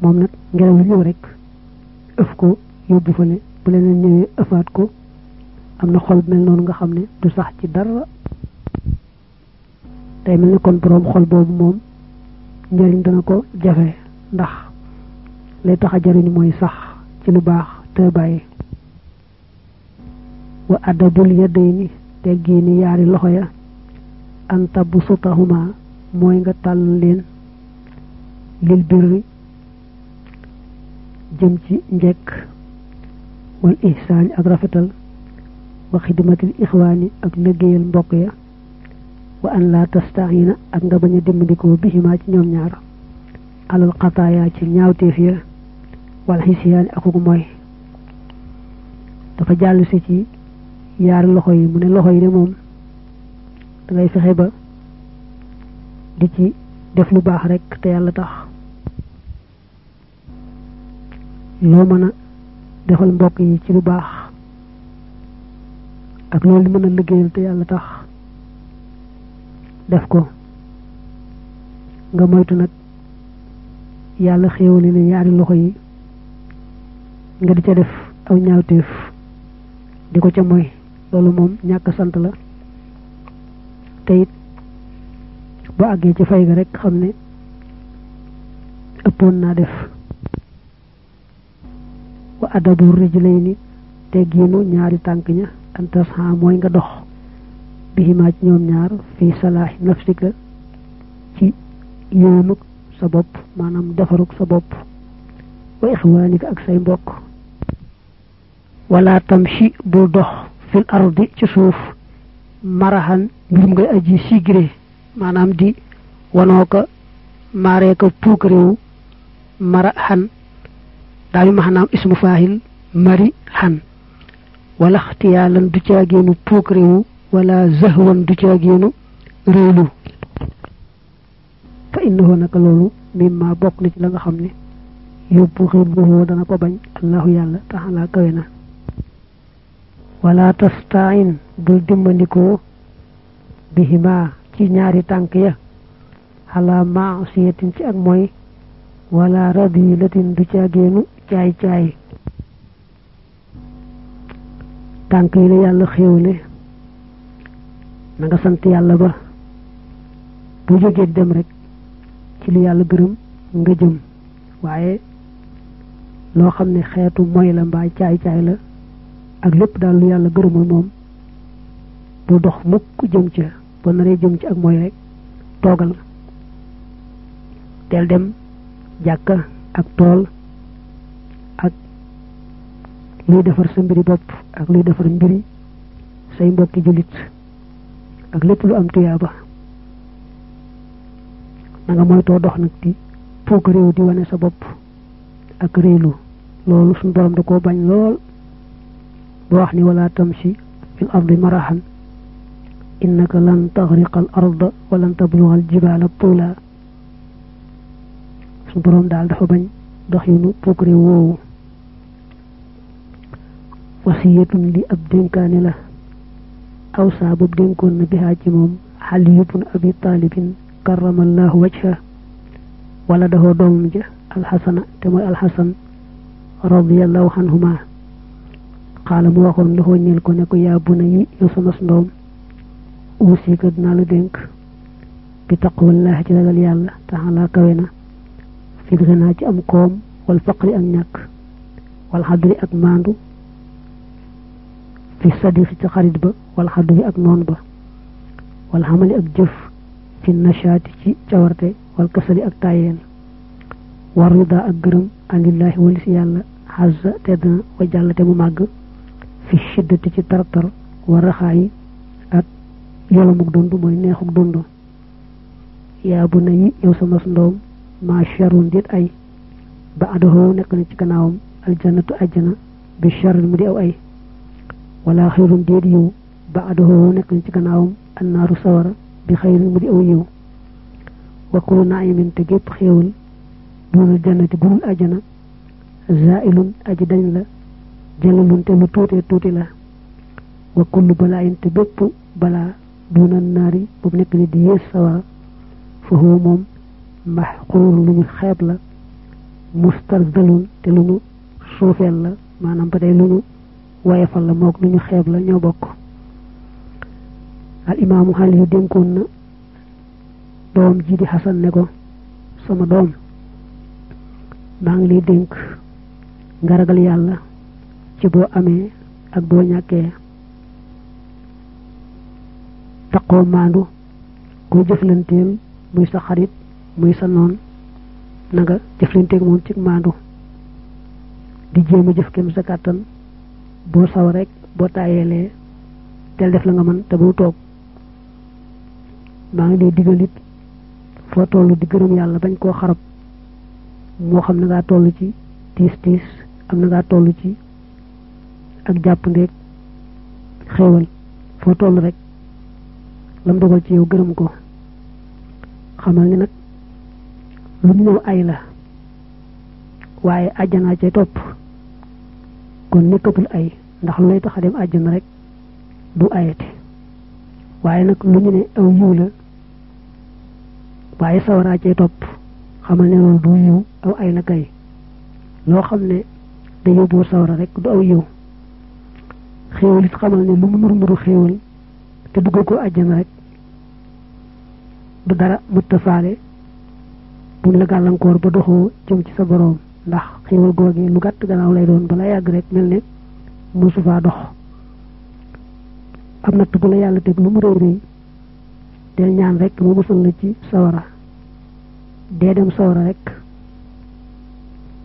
moom nag ngelaw yi ñëw rek ëf ko yóbbu fële bu leneen ñëwee ëfaat ko am na xol mel noonu nga xam ne du sax ci dara tey mel ni kon boroom xol boobu moom njariñ dana ko jafe ndax lay tax a jariñ mooy sax ci lu baax te bàyyi wa adabul yadayni teggi ni yaari loxo ya bu an tabsutahuma mooy nga tàll leen lil birri jëm ci njekk wal ihsaani ak rafetal wa xidmatil ixwaani ak liggéeyal mbokk ya wa an laa tastaxina ak nga bañ a dimbandikoo bihimaa ci ñoom ñaar alal xataaya ci ñaawteef ya wal xisiyaani akuk mooy dafa jàll si ci yaari loxo yi mu ne loxo yi de moom dangay fexe ba di ci def lu baax rek te yàlla tax loo mën a defal mbokk yi ci lu baax ak loolu mën a liggéeyal te yàlla tax def ko nga moytu nag yàlla xéewali la ñaari loxo yi nga di ca def aw ñaawteef di ko ca moy loolu moom ñàkk sant la te ba àggee ci fay ga rek xam ne ëppoon naa def wa adabu rijlayni teggiinu ñaari tànk ña antasha mooy nga dox bihimaa ci ñoom ñaar fii salaahi nafsika ci yoonuk sa bopp maanaam defaruk sa bopp wa ixwaanika ak say mbokk wala tamshi bul dox fil ardi ci suuf marahan ngir ngay aji sigré maanaam di wanoo ko maaree ko puuk réew mara xan daañu maanaam ismu faahil mari xan wala xtiyaalan du caagéenu puuk réewu wala zahwan du caagéenu réewlu fa innahu naka loolu mimma bokk na ci la nga xam ni yóbbu xibbuhu dana ko bañ allahu yàlla taxalaa kawe na wala tastain bul dimbandikoo bihima ci ñaari tànk ya ala maasiyatin ci ak mooy wala radilatin du caageenu caay caay tànk yi la yàlla xéewle na nga sant yàlla ba bu jógee dem rek ci li yàlla gërëm nga jëm waaye loo xam ne xeetu mooy la mbaa caay caay la ak lépp daal lu yàlla gërëmul moom bu dox mukk jëm ca boo naree jëm ci ak mooy rek toogal teel dem jàkka ak tool ak luy defar sa mbiri bopp ak luy defar mbiri say mbokki jullit ak lépp lu am tuyaaba na nga moytoo dox nag di puuk di wane sa bopp ak réelu loolu suñu borom da koo bañ lool boo wax ni wala si fil ardi marahan innaka lan taxriqa al arda wa lan tabluga al jibaala tuula su boroom daal dafa bañ doxinu pokkuré woowu wasiyatun li ab dénkaane la aw saabab dénkoon na bihaa ci moom Ali ibn Abi Taalibin karamallahu wajha wala dafa doomam ja alxasana te mooy alxasan radiallahu anhuma xaala mu waxoon loxoo ñeel ko ne ko yaa bu na yi yow sama ndoom uusika dinaa la dénk bi taqwallahi ci ragal yàlla taxalaa kawe na fil xinaa ci am koom wal faqri ak ñàkk wal xadri ak maandu fi sadiqi ci xarit wal xadri ak noon wal xamali ak jëf fi nashaati ci cawarte wal kasali ak tayeen war ridaa ak gërëm anillaahi walis yàlla xazza te dana wa mu màgg fi shiddati ci tartar wa raxaayi yolamuk dund mooy neexuk dund yaa bu nayi yow sama ndoom maa charun ay ba adoxoo nekk na ci gannaawam aljannatu ajjana bi charin mu di aw ay yiw ba adoxoo nekk na ci gannaawam annaaru sawara bi xayrin mu di aw yiw wakkulu naimin te gépp xéewal dunul jannati budul ajjana zailun aji dañ la jëlalun lu tuutee tuuti la wa kullu balaayin te bépp balaa duna naari boobu nekk ni di yées sawara fa huwa moom maxquur lu ñu xeeb la mustarzalun te lu ñu suufeel la maanaam ba tey lu ñu wayefal la moog lu ñu xeeb la ñoo bokk al imaamu xali dénkoon na doom ji xasan ne ko sama doom maa ngi lay dénk nga ragal yàlla ci boo amee ak boo ñàkkee taqoo maandu koo jëflanteel muy sa xarit muy sa noon na nga jëflanteeg moom ci maandu di jéem jëf kem sa kàttan boo saw rek boo taayeelee teel def la nga man te bu toog maa ngi lay digal it foo toll di gërëm yàlla bañ koo xarab moo xam na ngaa tollu ci tiis tiis am na ngaa tollu ci ak jàpp ndeeg xéewal foo toll rek lam dogal ci yow gërëm ko xamal ni nag lu ñu ñëw ay la waaye àjjanaa cay topp kon nekkatul ay ndax lu lay tax a dem àjjana rek du ayati waaye nag lu ñu ne aw yiw la waaye sawaraa cay topp xamal ne du yiw aw ay la kay loo xam ne da yóbbu sawara rek du aw yiw xéewal xamal ne lu mu murmuru xéewal te duggal ko àjjana rek du dara mëtta faale buñ la gàllankoor ba doxoo jëm ci sa boroom ndax xéwal googi lu gàtt gannaaw lay doon bala yàgg rek mel ne mosu faa dox am natt bu la yàlla teg lu mu réy réy del ñaan rek mu musal la ci sawara dee dem sawara rek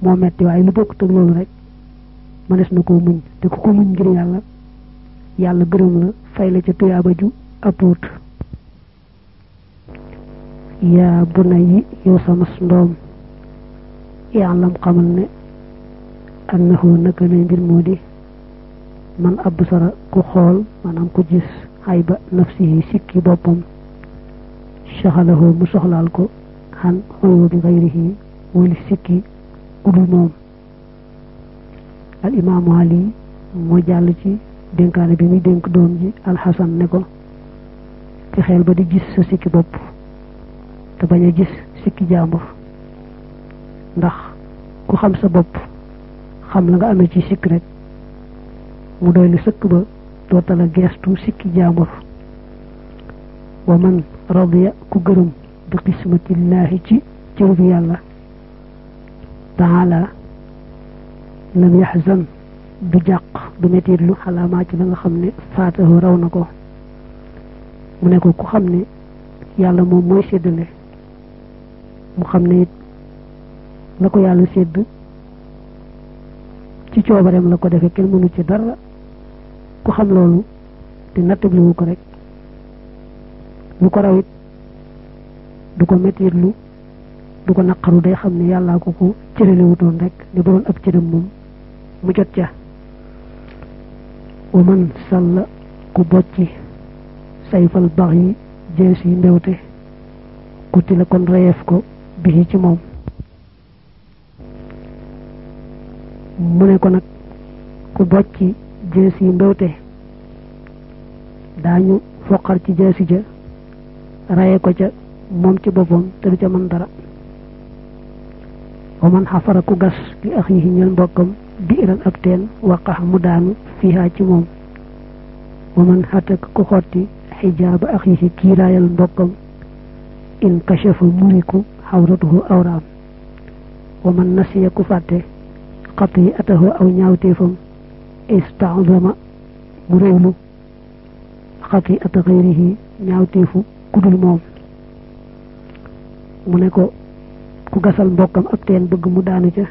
moo metti waaye lu bokk tëg loolu rek mënees na koo muñ te ku ko muñ ngir yàlla yàlla gërëm la fay la ca tuyaaba ju apoot yaa bu na yi yow sama ndoom yaalam xamal ne annahu naka ne mbir moo di man absara ku xool maanaam ku gis xayba nafsihi sikki boppam saxalahoo mu soxlaal ko xan xuyubi gayrihi wali sikki udul moom al imaamu ali moo jàll ci dénkaane bi muy dénk doom ji alxasan ne ko fexeel ba di gis sa sikki bopp te bañ a gis sikki jàmbur ndax ku xam sa bopp xam la nga amee ci sikk rek mu doy lu sëkk ba doota la geestu sikki jàmbur wa man radiya ku gërëm bi qismatillaahi ci cër bi yàlla taala lam yaxzan du jàq du metitlu xalaamaa ci la nga xam ne faatahu raw na ko mu nekk ko ku xam ne yàlla moom mooy séddale mu xam ne it la ko yàlla sedd ci coobareem la ko defee kenn mënu ci dara ku xam loolu te nattabliwu ko rek lu ko raw it du ko mettitlu du ko naqaru day xam ne yàllaa ko ko cëralewutoon rek ne ba doon ab cëram moom mu jot ca wa man sàll ku bocci sayfal bax yi jees yi mbewte kuti la kon reyeef ko bi ci moom mu ne ko nag ku bocci jees yi mbewte daañu foqar ci jeesi ja raye ko ca moom ci boppam te du ca mën dara wa man xafara ku gas li ax yi ñeel mbokkam bi iran ab teen waqax mu daanu fiihaa ci moom wa man xatak ku xotti xijaaba ax yi kiiraayal mbokkam in kashafa muriku xawratuhu awraam wa man nasiya ku fàtte xati atahu aw ñaawteefam istaazama mu réewlu xati ata xayrihi ñaawteefu kudul moom mu ne ko ku gasal mbokkam ak teen bëgg mu daanu ca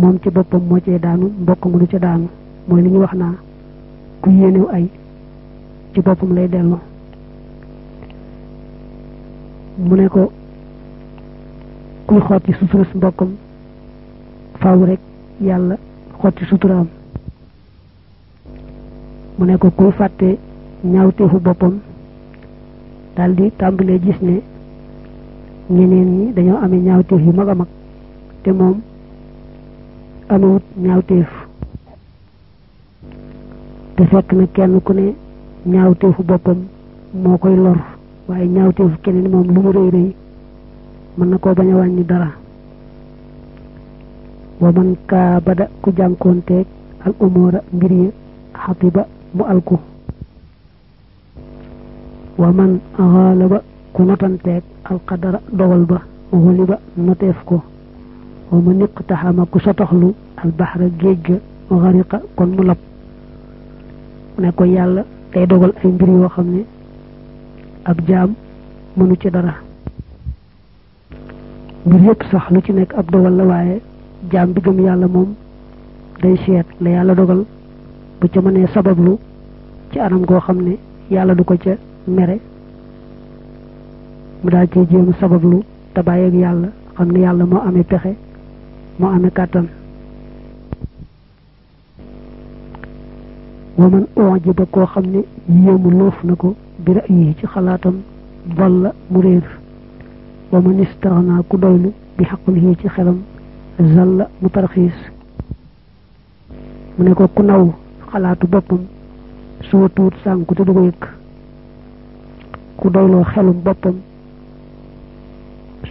moom ci boppam moo cee daanu mbokk mu du ca daanu mooy li ñu wax naa ku yéenew ay ci boppam lay dellu kuy xotti sutura si mbokkam faaw rek yàlla xotti suturaam mu ne ko kuy fàtte ñaawteefu boppam daldi tàmbalee gis ne ñeneen ñi dañoo amee ñaawteef yu mag a mag te moom amewut ñaawteef te fekk na kenn ku ne ñaawteefu boppam moo koy lor waaye ñaawteefu keneen moom lu mu mën na koo bañ a wàññi dara wa man kaa bada ku jànkoonteeg al umura mbir yi xatiba mu alku wa man xaala ba ku notanteeg alqadara dogal ba xuli ba noteef ko wa man iqtaxama ku sotoxlu albaxra géej ga xariqa kon mu lab ne ko yàlla tey dogal ay mbir yoo xam ne ab jaam mënu ci dara mbir yëpp sax lu ci nekk ab dogal la waaye jaam bi yàlla moom day seet la yàlla dogal bu ca mënee sabablu ci anam goo xam ne yàlla du ko ca mere mu daal cee jéem sabablu te bàyyi ak yàlla xam ne yàlla moo amee pexe moo amee kàttan waman ujiba koo xam ne yéemu loof na ko bira yi ci xalaatam balla mu réer wa man istaxna ku doylu bi xaqlihi ci xelam zalla mu tarxiis mu ne ko ku naw xalaatu boppam soo tuut sànku te du ko yëg ku doyloo xelum boppam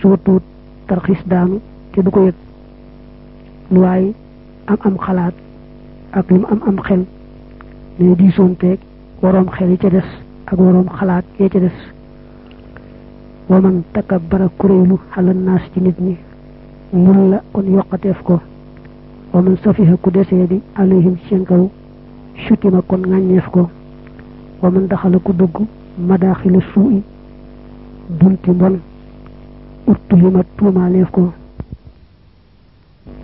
soo tuut tarxiis daanu te du ko yëg lu waaye am am xalaat ak lu mu am am xel ne diisoonteeg waroom xel yi ca des ak waroom xalaat yee ca des wa man takabbara kuréelu xalan naas ci nit ñi mun la kon yokkateef ko wa man safiha ku desee di alayhim ci seen kaw sutima kon ŋàññeef ko wa man daxala ku dugg madaaxila suu'i bunti mbon uttulima tuumaaleef ko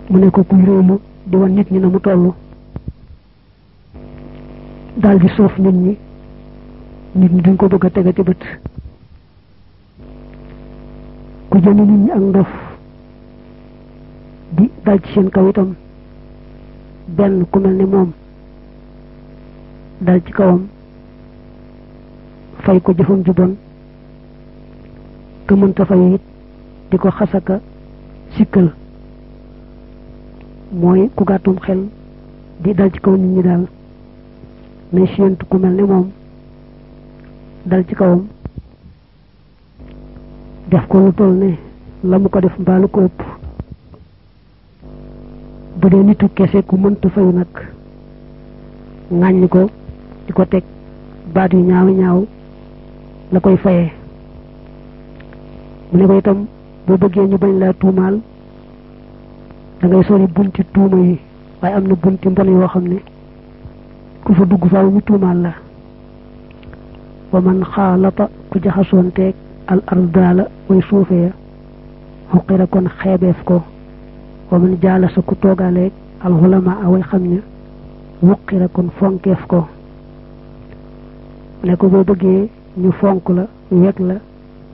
mu ne ko kuy réelu di wan nit ñi na mu toll daldi di soof nit ñi nit ñi duñ ko bëgg a tegati bët ku jëli nit ñi ak ndof di dal ci seen kaw benn ku mel ne moom dal ci kawam fay ko jëfam ju bon fay di ko xasaka sikkal mooy ku gàttum xel di dal ci kaw nit ñi daal mais séentu ku mel ne moom dal ci kawam def ko lu toll ne la mu ko def mbaalu ko ëpp bu dee nitu kese ku mënta fayu nag ŋàññi ko di ko teg baat yu ñaaw ñaaw la koy fayee mu ne ko itam boo bëggee ñu bañ laa tuumaal da sori bunti tuuma yi waaye am na bunti mbon yoo xam ne ku fa dugg faaw ñu tuumaal la wa man xaalata ku jaxasoon teeg al ardaala way suufee xuqira kon xeebeef ko wa man jaala sa ku toogaaleeg al xulama way xam ne wuqira kon fonkeef ko ne ko boo bëggee ñu fonk la weg la da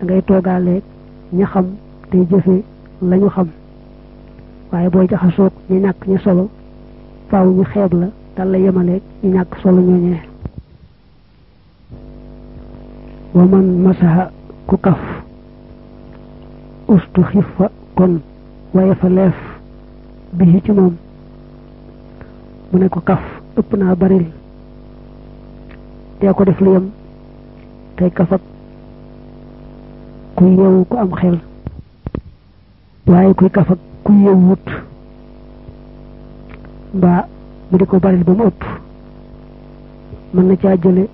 ngay toogaaleeg ña xam tey jëfe la xam waaye booy jaxasoog ñu ñàkk ñu solo faaw ñu xeeb la dal la yemaleeg ñu ñàkk solo ñooñee ku kaf ustu xif fa kon waaye fa leef bi ci moom mu ne ko kaf ëpp naa baril dee ko def lu yem tey kaf ak ku yeewu ku am xel waaye kuy kaf ak ku mbaa mu di ko baril ba mu ëpp mën na caa jële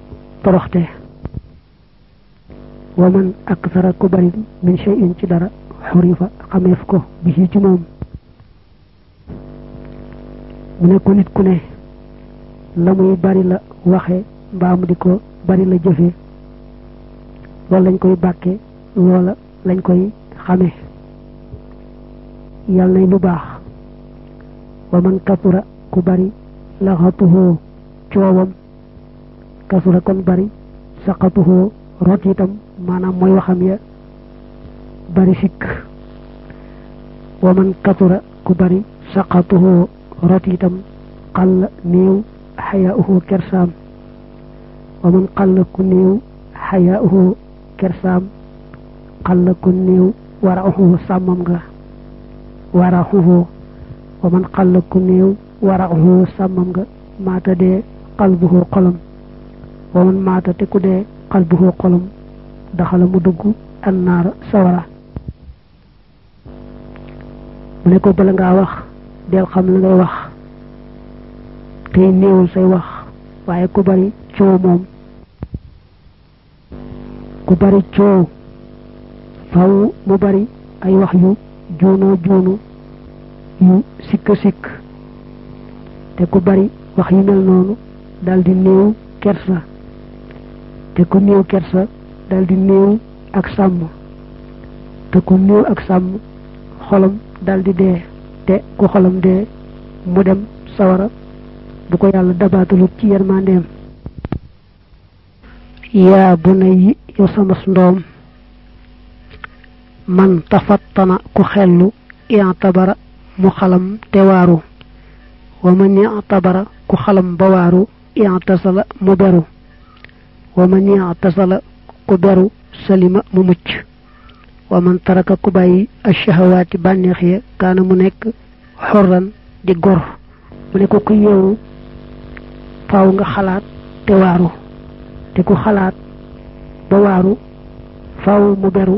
toroxte wa man akthara ku bari min shay'in ci dara xurifa xameef ko bi ci ci moom mu ko nit ku ne la muy bari la waxe mbaam di ko bari la jëfe loolu lañ koy bàkke loola lañ koy xame yàlla nay lu baax wa man kasura ku bari la xatuhoo coowam kasura kon bari saqatuhoo rot itam maanaam mooy waxam ya bari sikk wa katura ku bari saqatuhu rot itam xàll néew xayauhu kersaam wa man xàll ku néew xayauhu kersaam xàll ku néew warauhu sàmmam nga warauhu wa man xàll ku néew warauhu sàmmam nga maata dee qalbuhu xolam wa maata te dee qalbuhu xolam daxala mu dugg annaara sawara mu ne ko bala ngaa wax del xam la ngay wax tey néewul say wax waaye ku bari coow moom ku bari coow faw mu bari ay wax yu juunoo juunu yu sikk-sikk te ku bari wax yu mel noonu daldi néew kersa te ku néew kersa daldi néew ak sàmm te ku néew ak sàmm xolam daldi dee te ku xolam dee mu dem sawara bu ko yàlla dabaatalut ci yermandeem yaa bu na yi yow samas ndoom man tafattana ku xellu i'tabara mu xalam te waaru wa man i'tabara ku xalam ba waaru i'tasala mu beru wa man i'tasala ku beru salima mu mucc wa man taraka ku bàyyi achahawaati bànneex ya kaana mu nekk xorran di gor mu ne ko ku yeewu faaw nga xalaat te waaru te ku xalaat ba waaru faaw mu beru